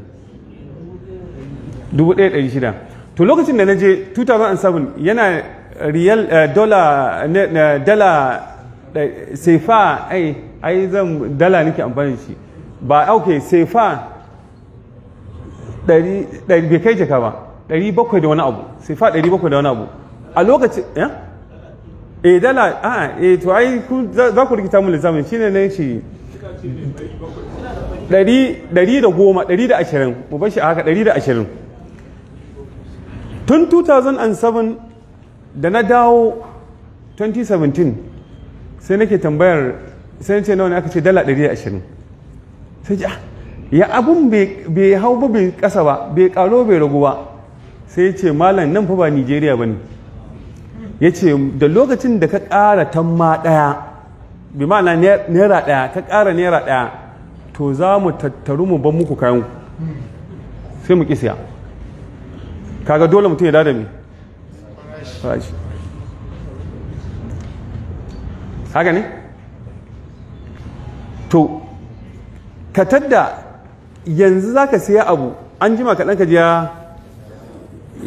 1600 to lokacin da na je 2007 yana real eh, dollar eh, sefa ai ai zan dala nake amfani shi ba ok sefa dari bai kai jaka ba dari bakwai da wani abu sefa dari bakwai da wani abu a lokacin ya e dala a a e eh, to ai za ku rikita mu lissamin shi ne na shi dari da goma dari da ashirin mu bashi haka dari da ashirin tun 2007 da na dawo 2017 sai nake tambayar sai ce nawa ne aka ce dala 120 sai ji ah, ya abun bai hau ba bai kasa ba bai karo bai ragu ba sai ce malam nan fa ba nigeria ba ne ya ce da lokacin da ka ƙara tamma ɗaya bi ma'ana naira ɗaya ka ƙara naira ɗaya to za mu tattaru mu ban muku kayan sai mu kisiya kaga dole mutum ya dada me haka ne to ka tadda yanzu za ka siya abu an jima kaɗan ka jiya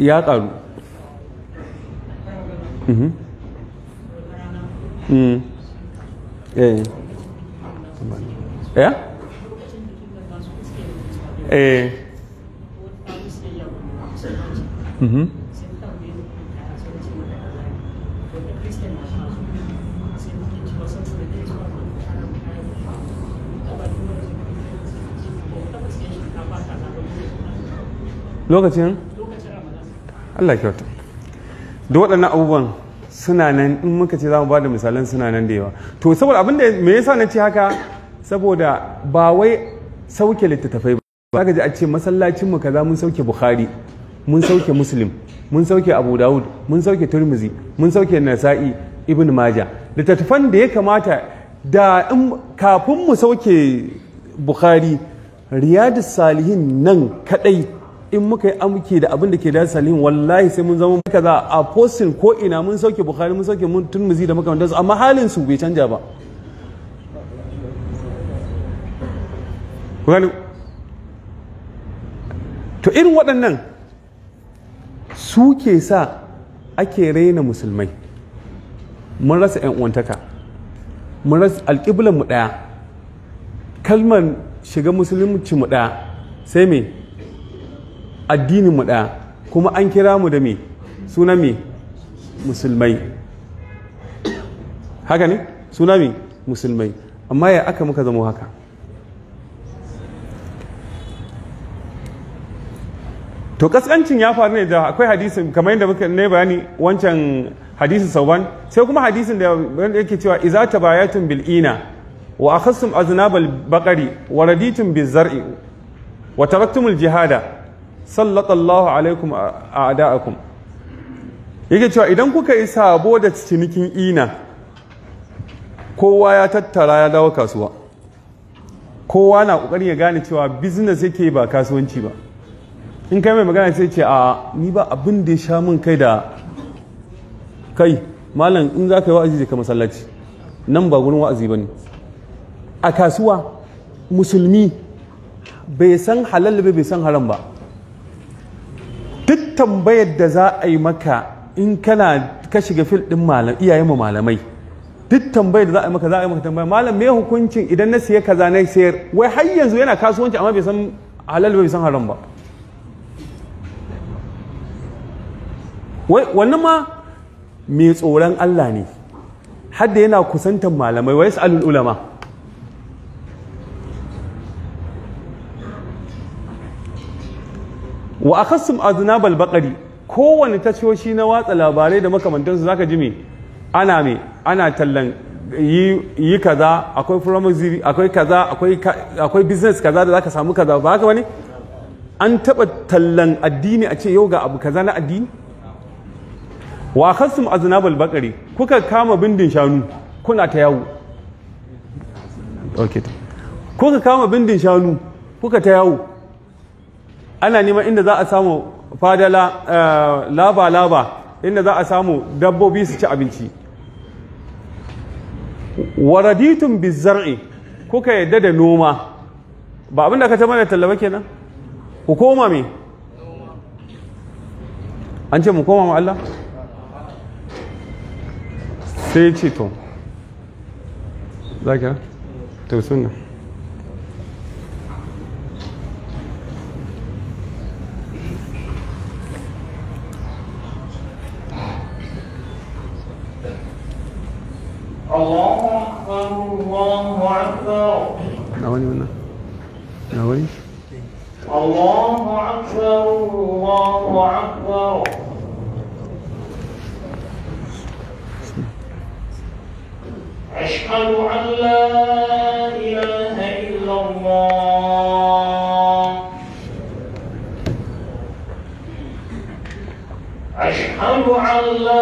ya ƙaru mhm. mm. eh, eh? eh. Mhm. lokacin Allah kyauta da waɗannan abubuwan suna nan in muka ce za mu ba da misalan suna nan da yawa to saboda abin da me yasa na ce haka saboda ba wai sauke littattafai ba za ka ji a ce masallacin mu kaza mun sauke bukhari mun sauke muslim mun sauke abu dawud mun sauke turmizi mun sauke nasa'i ibn maja littattafan da ya kamata da kafin mu sauke bukhari riyadus salihin nan kadai in muka yi amki da abin da ke da salihin wallahi sai mun zama za a postin ko ina mun sauke bukhari mun sauke mun muzi da su amma halin su bai canja ba to irin waɗannan su ke sa ake raina musulmai mun rasa 'yan uwantaka mun rasa alƙiblan mu ɗaya kalmar shiga musulunci mu ɗaya sai me addinin mu ɗaya kuma an kira mu da me suna me musulmai haka ne suna me musulmai amma ya aka muka zama haka to kaskancin ya faru ne da akwai hadisin kamar yadda muka ne bayani wancan hadisin sauban sai kuma hadisin da yake cewa iza ta bil bilina wa akhastum aznabal baqari wa raditum bizar'i wa taraktumul jihada sallatallahu alaikum a ada'akum yake cewa idan kuka yi sabo da cinikin ina kowa ya tattara ya dawo kasuwa kowa na kokarin ya gane cewa business yake ba kasuwanci ba in kai mai magana sai ce a ni ba abin da ya sha min kai da kai malam in za ka yi wa'azi ka masallaci nan ba gurin wa'azi ba ne a kasuwa musulmi bai san halal bai san haram ba duk tambayar da za a yi maka in kana ka shiga fil din malam iyayen mu malamai duk tambayar da za a yi maka za a yi maka tambaya malam me hukuncin idan na siya kaza na sayar wai har yanzu yana kasuwanci amma bai san halal bai san haram ba wai wannan ma mai tsoron Allah ne hadda yana kusantar malamai wai yas'alul ulama wa akhassum zinabal baqari kowane tashoshi na watsa labarai da makamantansu zaka ji me ana me ana tallan yi kaza akwai promosi akwai kaza akwai business kaza da zaka samu kaza ba haka bane an taba tallan addini a ce yau ga abu kaza na addini wa khasum aznabal bakari kuka kama bindin shanu kuna ta yawo okay kuka kama bindin shanu kuka ta yawo ana neman inda za a samu fadala eh, laba-laba inda za a samu dabbobi su ci abinci waraditun bizar'i kuka yadda da noma ba abinda ka da tallaba kenan ku koma me an ce mu koma ma Allah sai ce to zaka to sunna أكبر نعوني منا الله أكبر الله أكبر أشهد أن لا إله إلا الله أشهد أن لا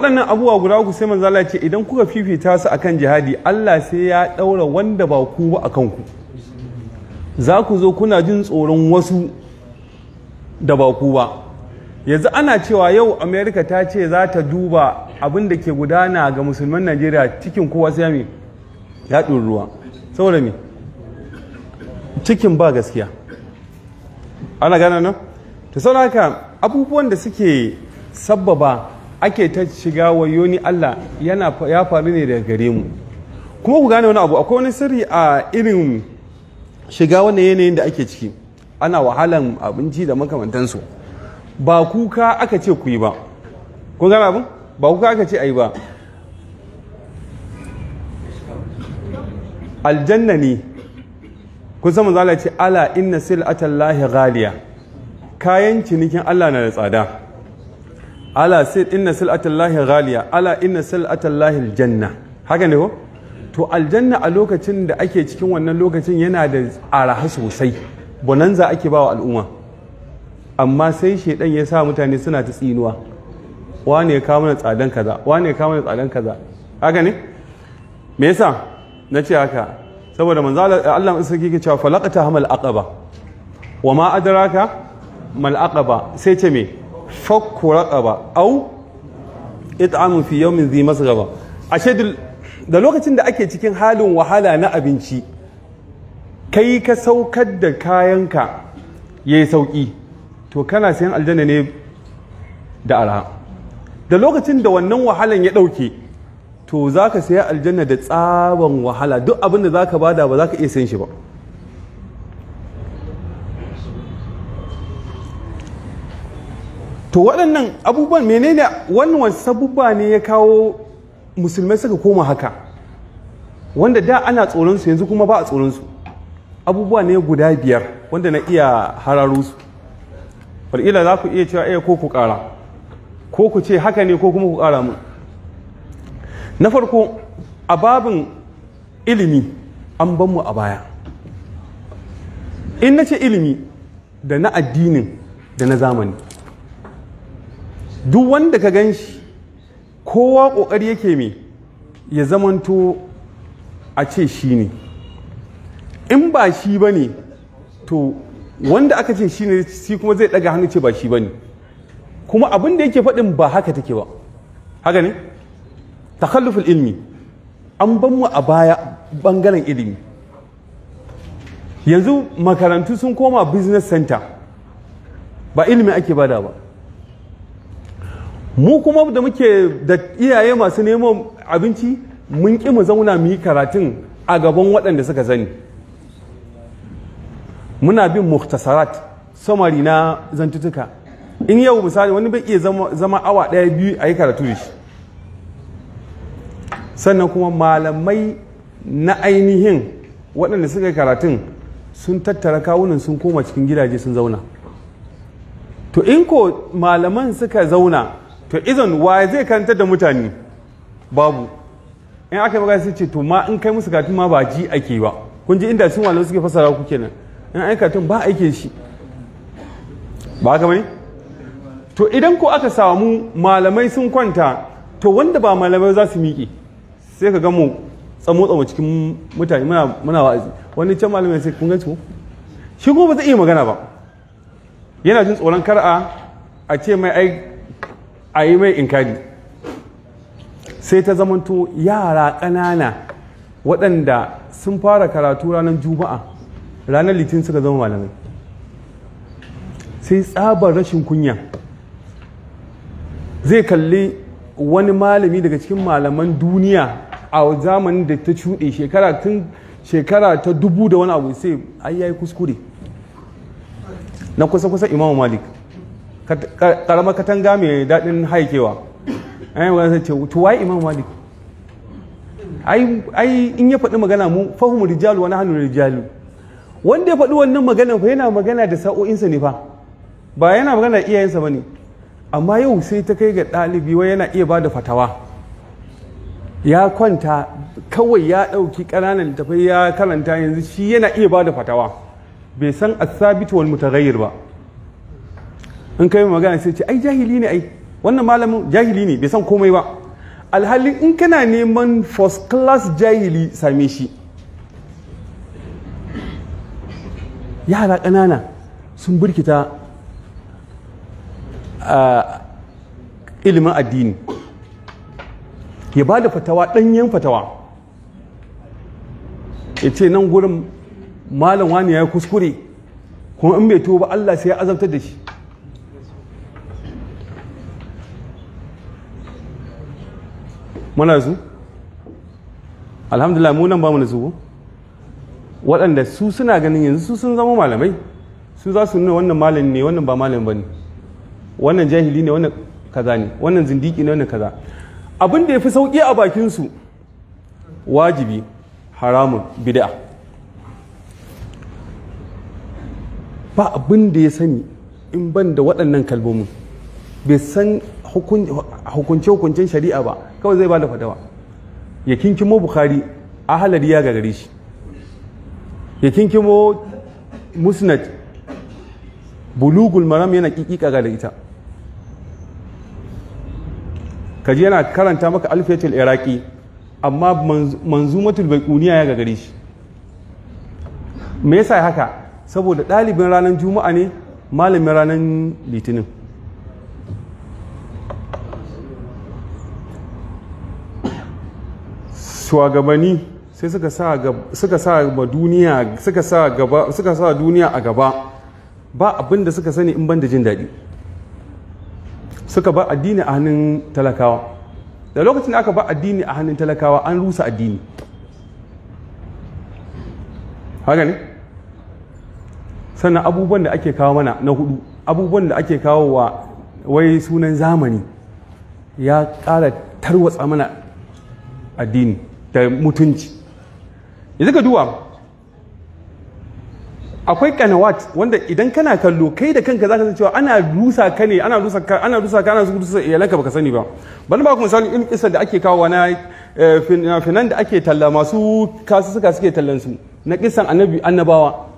waɗannan abubuwa guda ku sai manzo Allah ce idan kuka fifita su akan jihadi Allah sai ya ɗaura wanda ba ku ba akan ku za ku zo kuna jin tsoron wasu da ba ku ba yanzu ana cewa yau America ta ce za ta duba abin da ke gudana ga musulman Najeriya cikin kowa sai me ya ruwa saboda me cikin ba gaskiya ana gana nan to saboda haka abubuwan da suke sabbaba ake ta shiga wayoni Allah yana ya faru ne daga gare mu kuma ku gane wani abu akwai wani sirri a irin shiga wani yanayin da ake ciki ana wahalan abinci da makamantansu ba kuka aka ce ku yi ba ku gane abin ba kuka aka ce a yi ba aljanna ne kun san manzala ce ala inna sil'atallahi ghaliya kayan cinikin Allah na da tsada ala sai inna sil'atallahi ghaliya ala inna sil'atallahi janna haka ne ko to aljanna a lokacin da ake cikin wannan lokacin yana da araha sosai bonanza ake bawa al'umma amma sai shedan ya sa mutane suna ta tsinuwa wane ya kawo mana tsadan kaza wane ya mana tsadan kaza haka ne me yasa na ce haka saboda manzo Allah in sarki ke cewa falaqata hamal aqaba wa ma adraka mal aqaba sai ce me raƙa ba au it'amu fi yawmin gaba a ashe da lokacin da ake cikin halin wahala na abinci kai ka saukar da kayanka ya yi sauƙi to kana sayan aljanna ne da arha da lokacin da wannan wahalan ya ɗauke to za ka sayi aljanna da tsaban wahala duk abin da zaka bada ba za ka iya sayan shi ba to waɗannan abubuwan menene wannan wasu sabubba ne ya kawo musulmai suka koma haka wanda da ana tsoronsu yanzu kuma ba a tsoronsu abubuwa ne guda biyar wanda na iya hararo su wal'ila za ku iya cewa iya eh, ko ku ƙara ko ku ce haka ne ko kuma ku ƙara mu na farko a babin ilimi an ban mu a baya in na ce ilimi da na addinin da na zamani duk wanda ka gan shi kowa ƙoƙari yake mai, ya zamanto a ce shi ne in ba shi ba ne to wanda aka ce shi ne shi kuma zai ɗaga hannu ce ba shi ba ne kuma abin da yake faɗin ba haka take ba haka ne takalluful ilmi an ban mu a baya bangaren ilimi yanzu makarantu sun koma business center ba ilimi ake bada ba mu kuma da muke da iyaye masu neman abinci mun ƙi mu zauna mu yi karatun a gaban waɗanda suka zani muna bin muhtasarat samari na zantutuka in yau misali wani bai iya zama awa ɗaya biyu a yi karatu da shi sannan kuma malamai na ainihin waɗanda suka yi karatun sun tattara kawunan sun koma cikin gidaje sun zauna to in ko malaman suka zauna to izon waye zai karantar da mutane babu in aka yi magana sai ce to ma in kai musu katun ma ba ji ake ba kun ji inda sun walau suke fasara ku kenan in ai tun ba aike shi ba ka mai to idan ko aka samu malamai sun kwanta to wanda ba malamai za su miƙe sai ka ga mu tsamo tsamo cikin mutane muna wa'azi wani can malamai sai kun ganci ko shi kuma ba zai iya magana ba yana jin tsoron kar'a a ce mai ai a yi mai inkari sai ta zamanto yara ƙanana waɗanda sun fara karatu ranar juma'a ranar litinin suka zama malamai sai tsabar rashin kunya zai kalli wani malami daga cikin malaman duniya a zamanin da ta cuɗe shekara tun shekara ta dubu da wani abu sai ai kuskure na kusa kusa imamu malik karamar katanga mai daɗin haikewa an yi magana ce to why imam malik ai in ya faɗi magana mu fahimu rijalu wani hannu rijalu wanda ya faɗi wannan magana fa yana magana da sa'o'insa ne fa ba yana magana da iyayensa ba ne amma yau sai ta kai ga ɗalibi wai yana iya ba fatawa ya kwanta kawai ya ɗauki ƙananan tafai ya karanta yanzu shi yana iya bada fatawa bai san asabit wal mutaghayyir ba in kai magana sai ce ai jahili ne ai wannan malamin jahili ne bai san komai ba alhali in kana neman first class jahili same shi yara ƙanana sun birkita a ilimin addini ya ba da fatawa ɗanyen fatawa ya ce nan gurin malam wani ya yi kuskure kuma in bai to ba allah sai ya azabtar da shi muna zu alhamdulillah mu nan ba mu nutsu waɗanda su suna ganin yanzu su sun zama malamai su za su nuna wannan malami ne wannan ba malami ba ne wannan jahili ne wannan kaza ne wannan zindiki ne wannan kaza abin da ya fi sauƙi a bakinsu wajibi haramun bid'a ba abin da ya sani in ban da waɗannan kalmomin bai san a hukunce hukuncen shari'a ba kawai zai bada fatawa ya kinkimo bukhari a halari ya gagare shi ya kinkimo musnad bulugul maram yana kikika ga da ita kaji yana karanta maka alfiyatul iraki amma manzumatul baikuniya ya gagare shi me yasa haka saboda ɗalibin ranar juma'a ne malamin ranar litinin shugabanni sai suka sa duniya suka sa gaba suka sa duniya a gaba ba abin da suka sani in ban da jin daɗi suka ba addini a hannun talakawa da lokacin da aka ba addini a hannun talakawa an rusa addini haka ne sannan abubuwan da ake kawo mana na hudu abubuwan da ake kawo wa wai sunan zamani ya ƙara tarwatsa mana addini da mutunci yanzu ka duwa akwai kanawat wanda idan kana kallo kai da kanka zaka san cewa ana rusa ka ne ana rusa ka ana rusa ka ana rusa iyalanka baka sani ba bani ba ku misali in kisa da ake kawo na eh, finan da ake talla masu kasu suka suke tallan su na kisan annabi annabawa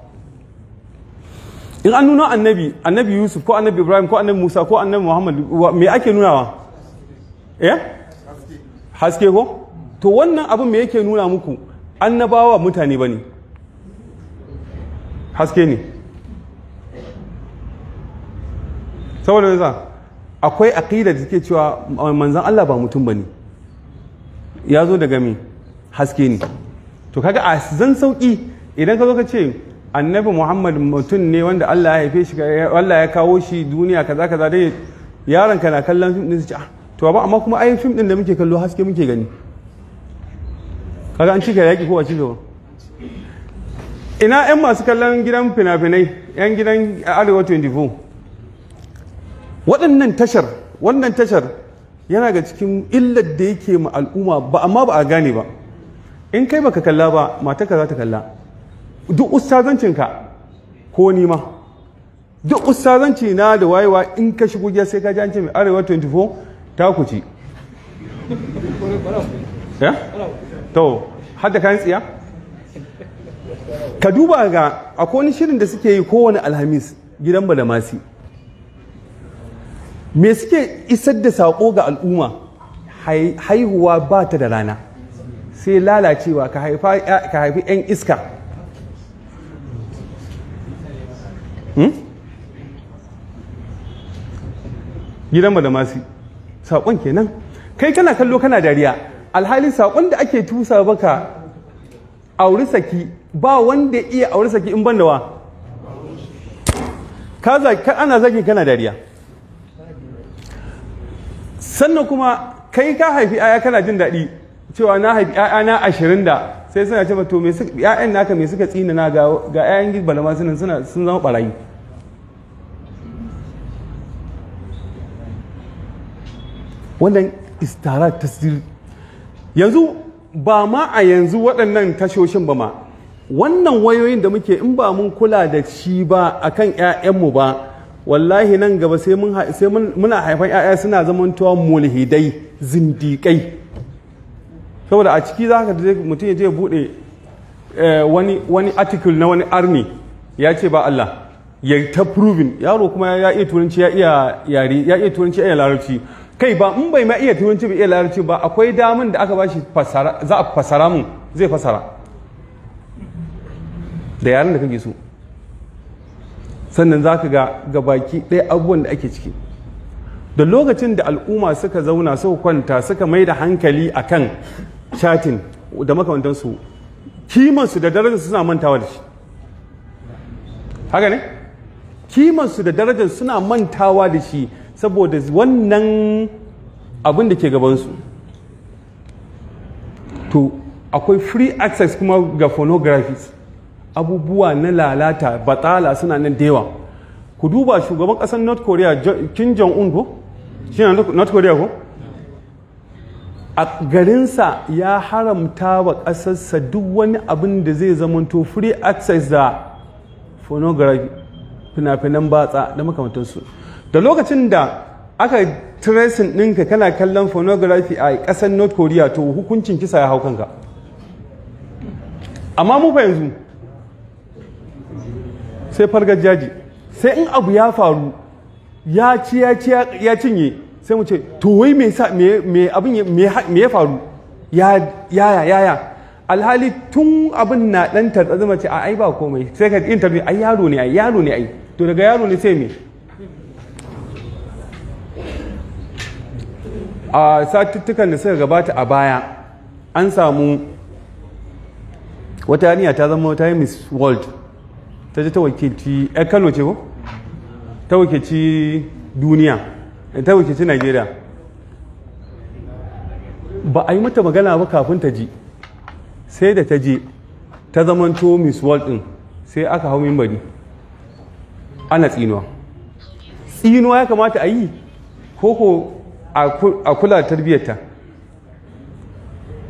in an nuna annabi annabi yusuf ko annabi ibrahim ko annabi musa ko annabi muhammad me ake nunawa eh haske ko to wannan abin me yake nuna muku annabawa mutane ba ne haske ne saboda yanzu akwai aƙida da ke cewa manzan Allah ba mutum ba ne ya zo daga me haske ne to kaga a zan sauƙi idan ka zo ka ce annabi muhammad mutum ne wanda Allah ya haife shi Allah ya kawo shi duniya kaza kaza dai yaron ka na kallon fim din su ce ah, to amma kuma ayin fim din da muke kallo haske muke gani kaga an ci ga yaƙi ko a ci gaba ina 'yan masu kallon gidan fina-finai 'yan gidan arewa 24 waɗannan tashar wannan tashar yana ga cikin illar da yake ma al'umma ba amma ba a gane ba in kai baka kalla ba mata ka za ta kalla duk ustazancinka ko ni ma duk ustazanci na da wayewa in ka shigo gida sai ka ji an ce mai arewa 24 ta kuci eh? to hadda kayan tsiya ka duba ga akwai wani shirin da suke yi kowane alhamis gidan balamasi me suke isar da saƙo ga al'umma haihuwa ba ta da rana sai lalacewa ka haifi 'yan iska hmm? gidan balamasi saƙon kenan kai kana kallo kana dariya alhali saƙon da ake tusa baka auri saki ba wanda iya auri saki in ban da wa ka ana zagin kana dariya sannan kuma kai ka haifi aya kana jin daɗi cewa na haifi aya na ashirin da sai suna ce to ya'yan naka mai suka tsina na ga ya'yan balama sunan sun zama barayi wannan istara tasdir yanzu ba ma a yanzu waɗannan tashoshin ba ma wannan wayoyin da muke in ba mun kula da shi ba a kan yayanmu ba wallahi nan gaba sai muna haifan 'yaya suna zamantawa mulhidai zindikai. saboda a ciki za ka mutum ya je buɗe eh, wani article na wani arni ya ce ba Allah ya ta proving yaro kuma ya iya turanci ya iya yare ya iya turanci ya iya larabci kai ba in bai ma iya turanci bai iya larabci ba akwai damin da aka bashi fasara za a fasara mu zai fasara da yaren da kake so sannan za ka ga baki ɗaya abubuwan da ake ciki da lokacin da al'umma suka zauna suka kwanta suka mai da hankali a kan chatin da makamantansu kimansu da darajarsu suna mantawa da shi haka ne kimansu da darajar suna mantawa da shi saboda wannan abin da ke gabansu to akwai free access kuma ga phonographies abubuwa na lalata batala suna nan da yawa ku duba shugaban kasar north korea kim jong-un ko shi north korea ko a garinsa ya haramta wa ƙasarsa duk wani abin da zai zamanto free access da phonography fina-finan batsa da makamantansu da lokacin da aka tracing ɗinka kana kallon pornography a ƙasar north korea to hukuncin kisa ya hau kanka amma mu yanzu sai fargar jaji sai in abu ya faru ya ci ya ci ya cinye sai mu ce to wai me sa me ya faru ya ya ya alhali tun abin na dan tarzama ce a ai ba komai sai ka interview ai yaro ne ai yaro ne ai to daga yaro ne sai me a satuttukan da suka gabata a baya an samu wata yaniya ta zama wata yi miss world ta ji ta wakilci ya kano ce ko ta wakilci duniya ta wakilci nigeria ba a yi mata magana ba kafin ta ji sai da ta je ta to miss world din sai aka hau min bari. ana tsinuwa tsinuwa ya kamata a yi koko a kula tarbiyyarta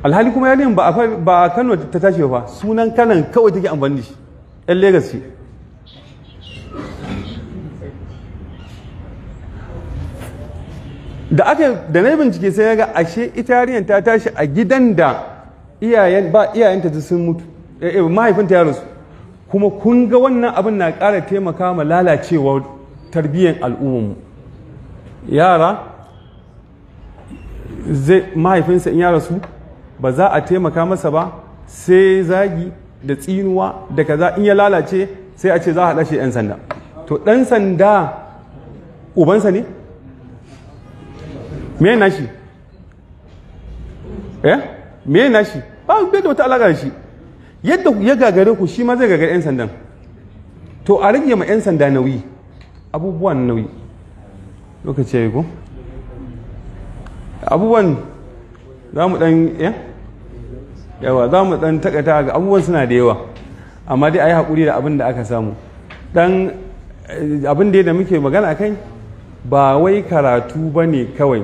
alhali kuma yarin ba a kano ta tashi ba sunan kanan kawai take amfani da shi yan legas ce da aka da na bincike sai ya ga ashe italiyan ta tashi a gidan da iyayen ba iyayenta sun mutu eh, eh, mahaifinta ya rasu kuma kun ga wannan abin na kara taimaka ma lalacewar tarbiyyar mu. yara zai mahaifinsa in ya rasu ba za a taimaka masa ba sai zagi da tsinuwa da kaza in ya lalace sai a ce za a haɗa shi 'yan sanda to ɗan sanda ubansa ne? me na shi? eh me na shi? ba a da wata alaƙar shi yadda ya gagare ku shi ma zai gagare 'yan sandan to a rage ma 'yan sanda nauyi abubuwan nauyi lokaci ya yi ko? abubuwan za mu dan eh? yawa za mu dan takata ga abubuwan suna da yawa amma dai a yi haƙuri da abin da aka samu dan eh, abin da da muke magana a kai ba wai karatu ba ne kawai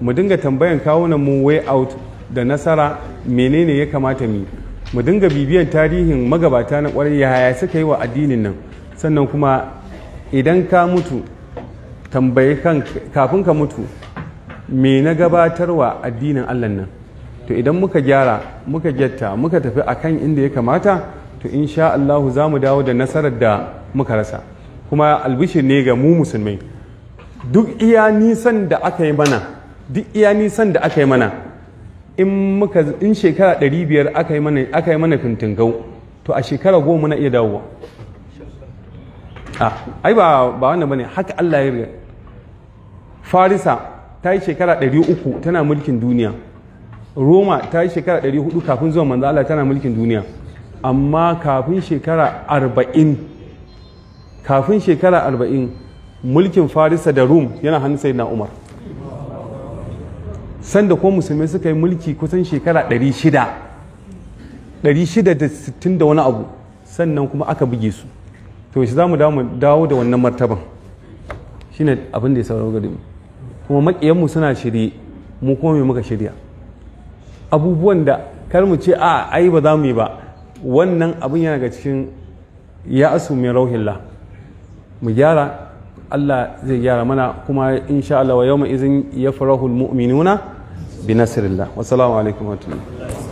mu dinga tambayan kawunan mu way out da nasara menene ya kamata mu mu dinga bibiyan tarihin magabata na kwarai yaya suka yi wa addinin nan sannan kuma idan ka mutu tambayi kan kafin ka mutu me na gabatarwa addinin Allah nan to idan muka gyara muka gyatta muka tafi akan inda ya kamata to insha Allah za mu dawo da nasarar da muka rasa kuma albishir ne ga mu musulmai duk iya nisan da aka yi mana duk iya nisan da aka yi mana in muka in shekara 500 aka yi mana aka yi mana to a shekara goma na iya dawowa ai ba ba wannan bane haka Allah ya riga farisa ta yi shekara 300 tana mulkin duniya roma ta yi shekara 400 kafin zuwa manzo Allah tana mulkin duniya amma kafin shekara 40 kafin shekara 40 mulkin farisa da rum yana hannun na umar sanda kuma musulmai suka yi mulki kusan shekara 600 660 da wani abu sannan kuma aka buge su to shi za mu dawo da wannan martaban shine abin da ya sauraro gari mu kuma mu suna shirye mu kuma mai muka shirya abubuwan da kar mu ce a ai ba za mu yi ba wannan abin yana ga cikin ya asu min rauhillah mu gyara Allah zai gyara mana kuma insha Allah wa yawma izin yafrahu mu'minuna bi nasrillah wassalamu alaikum wa rahmatullahi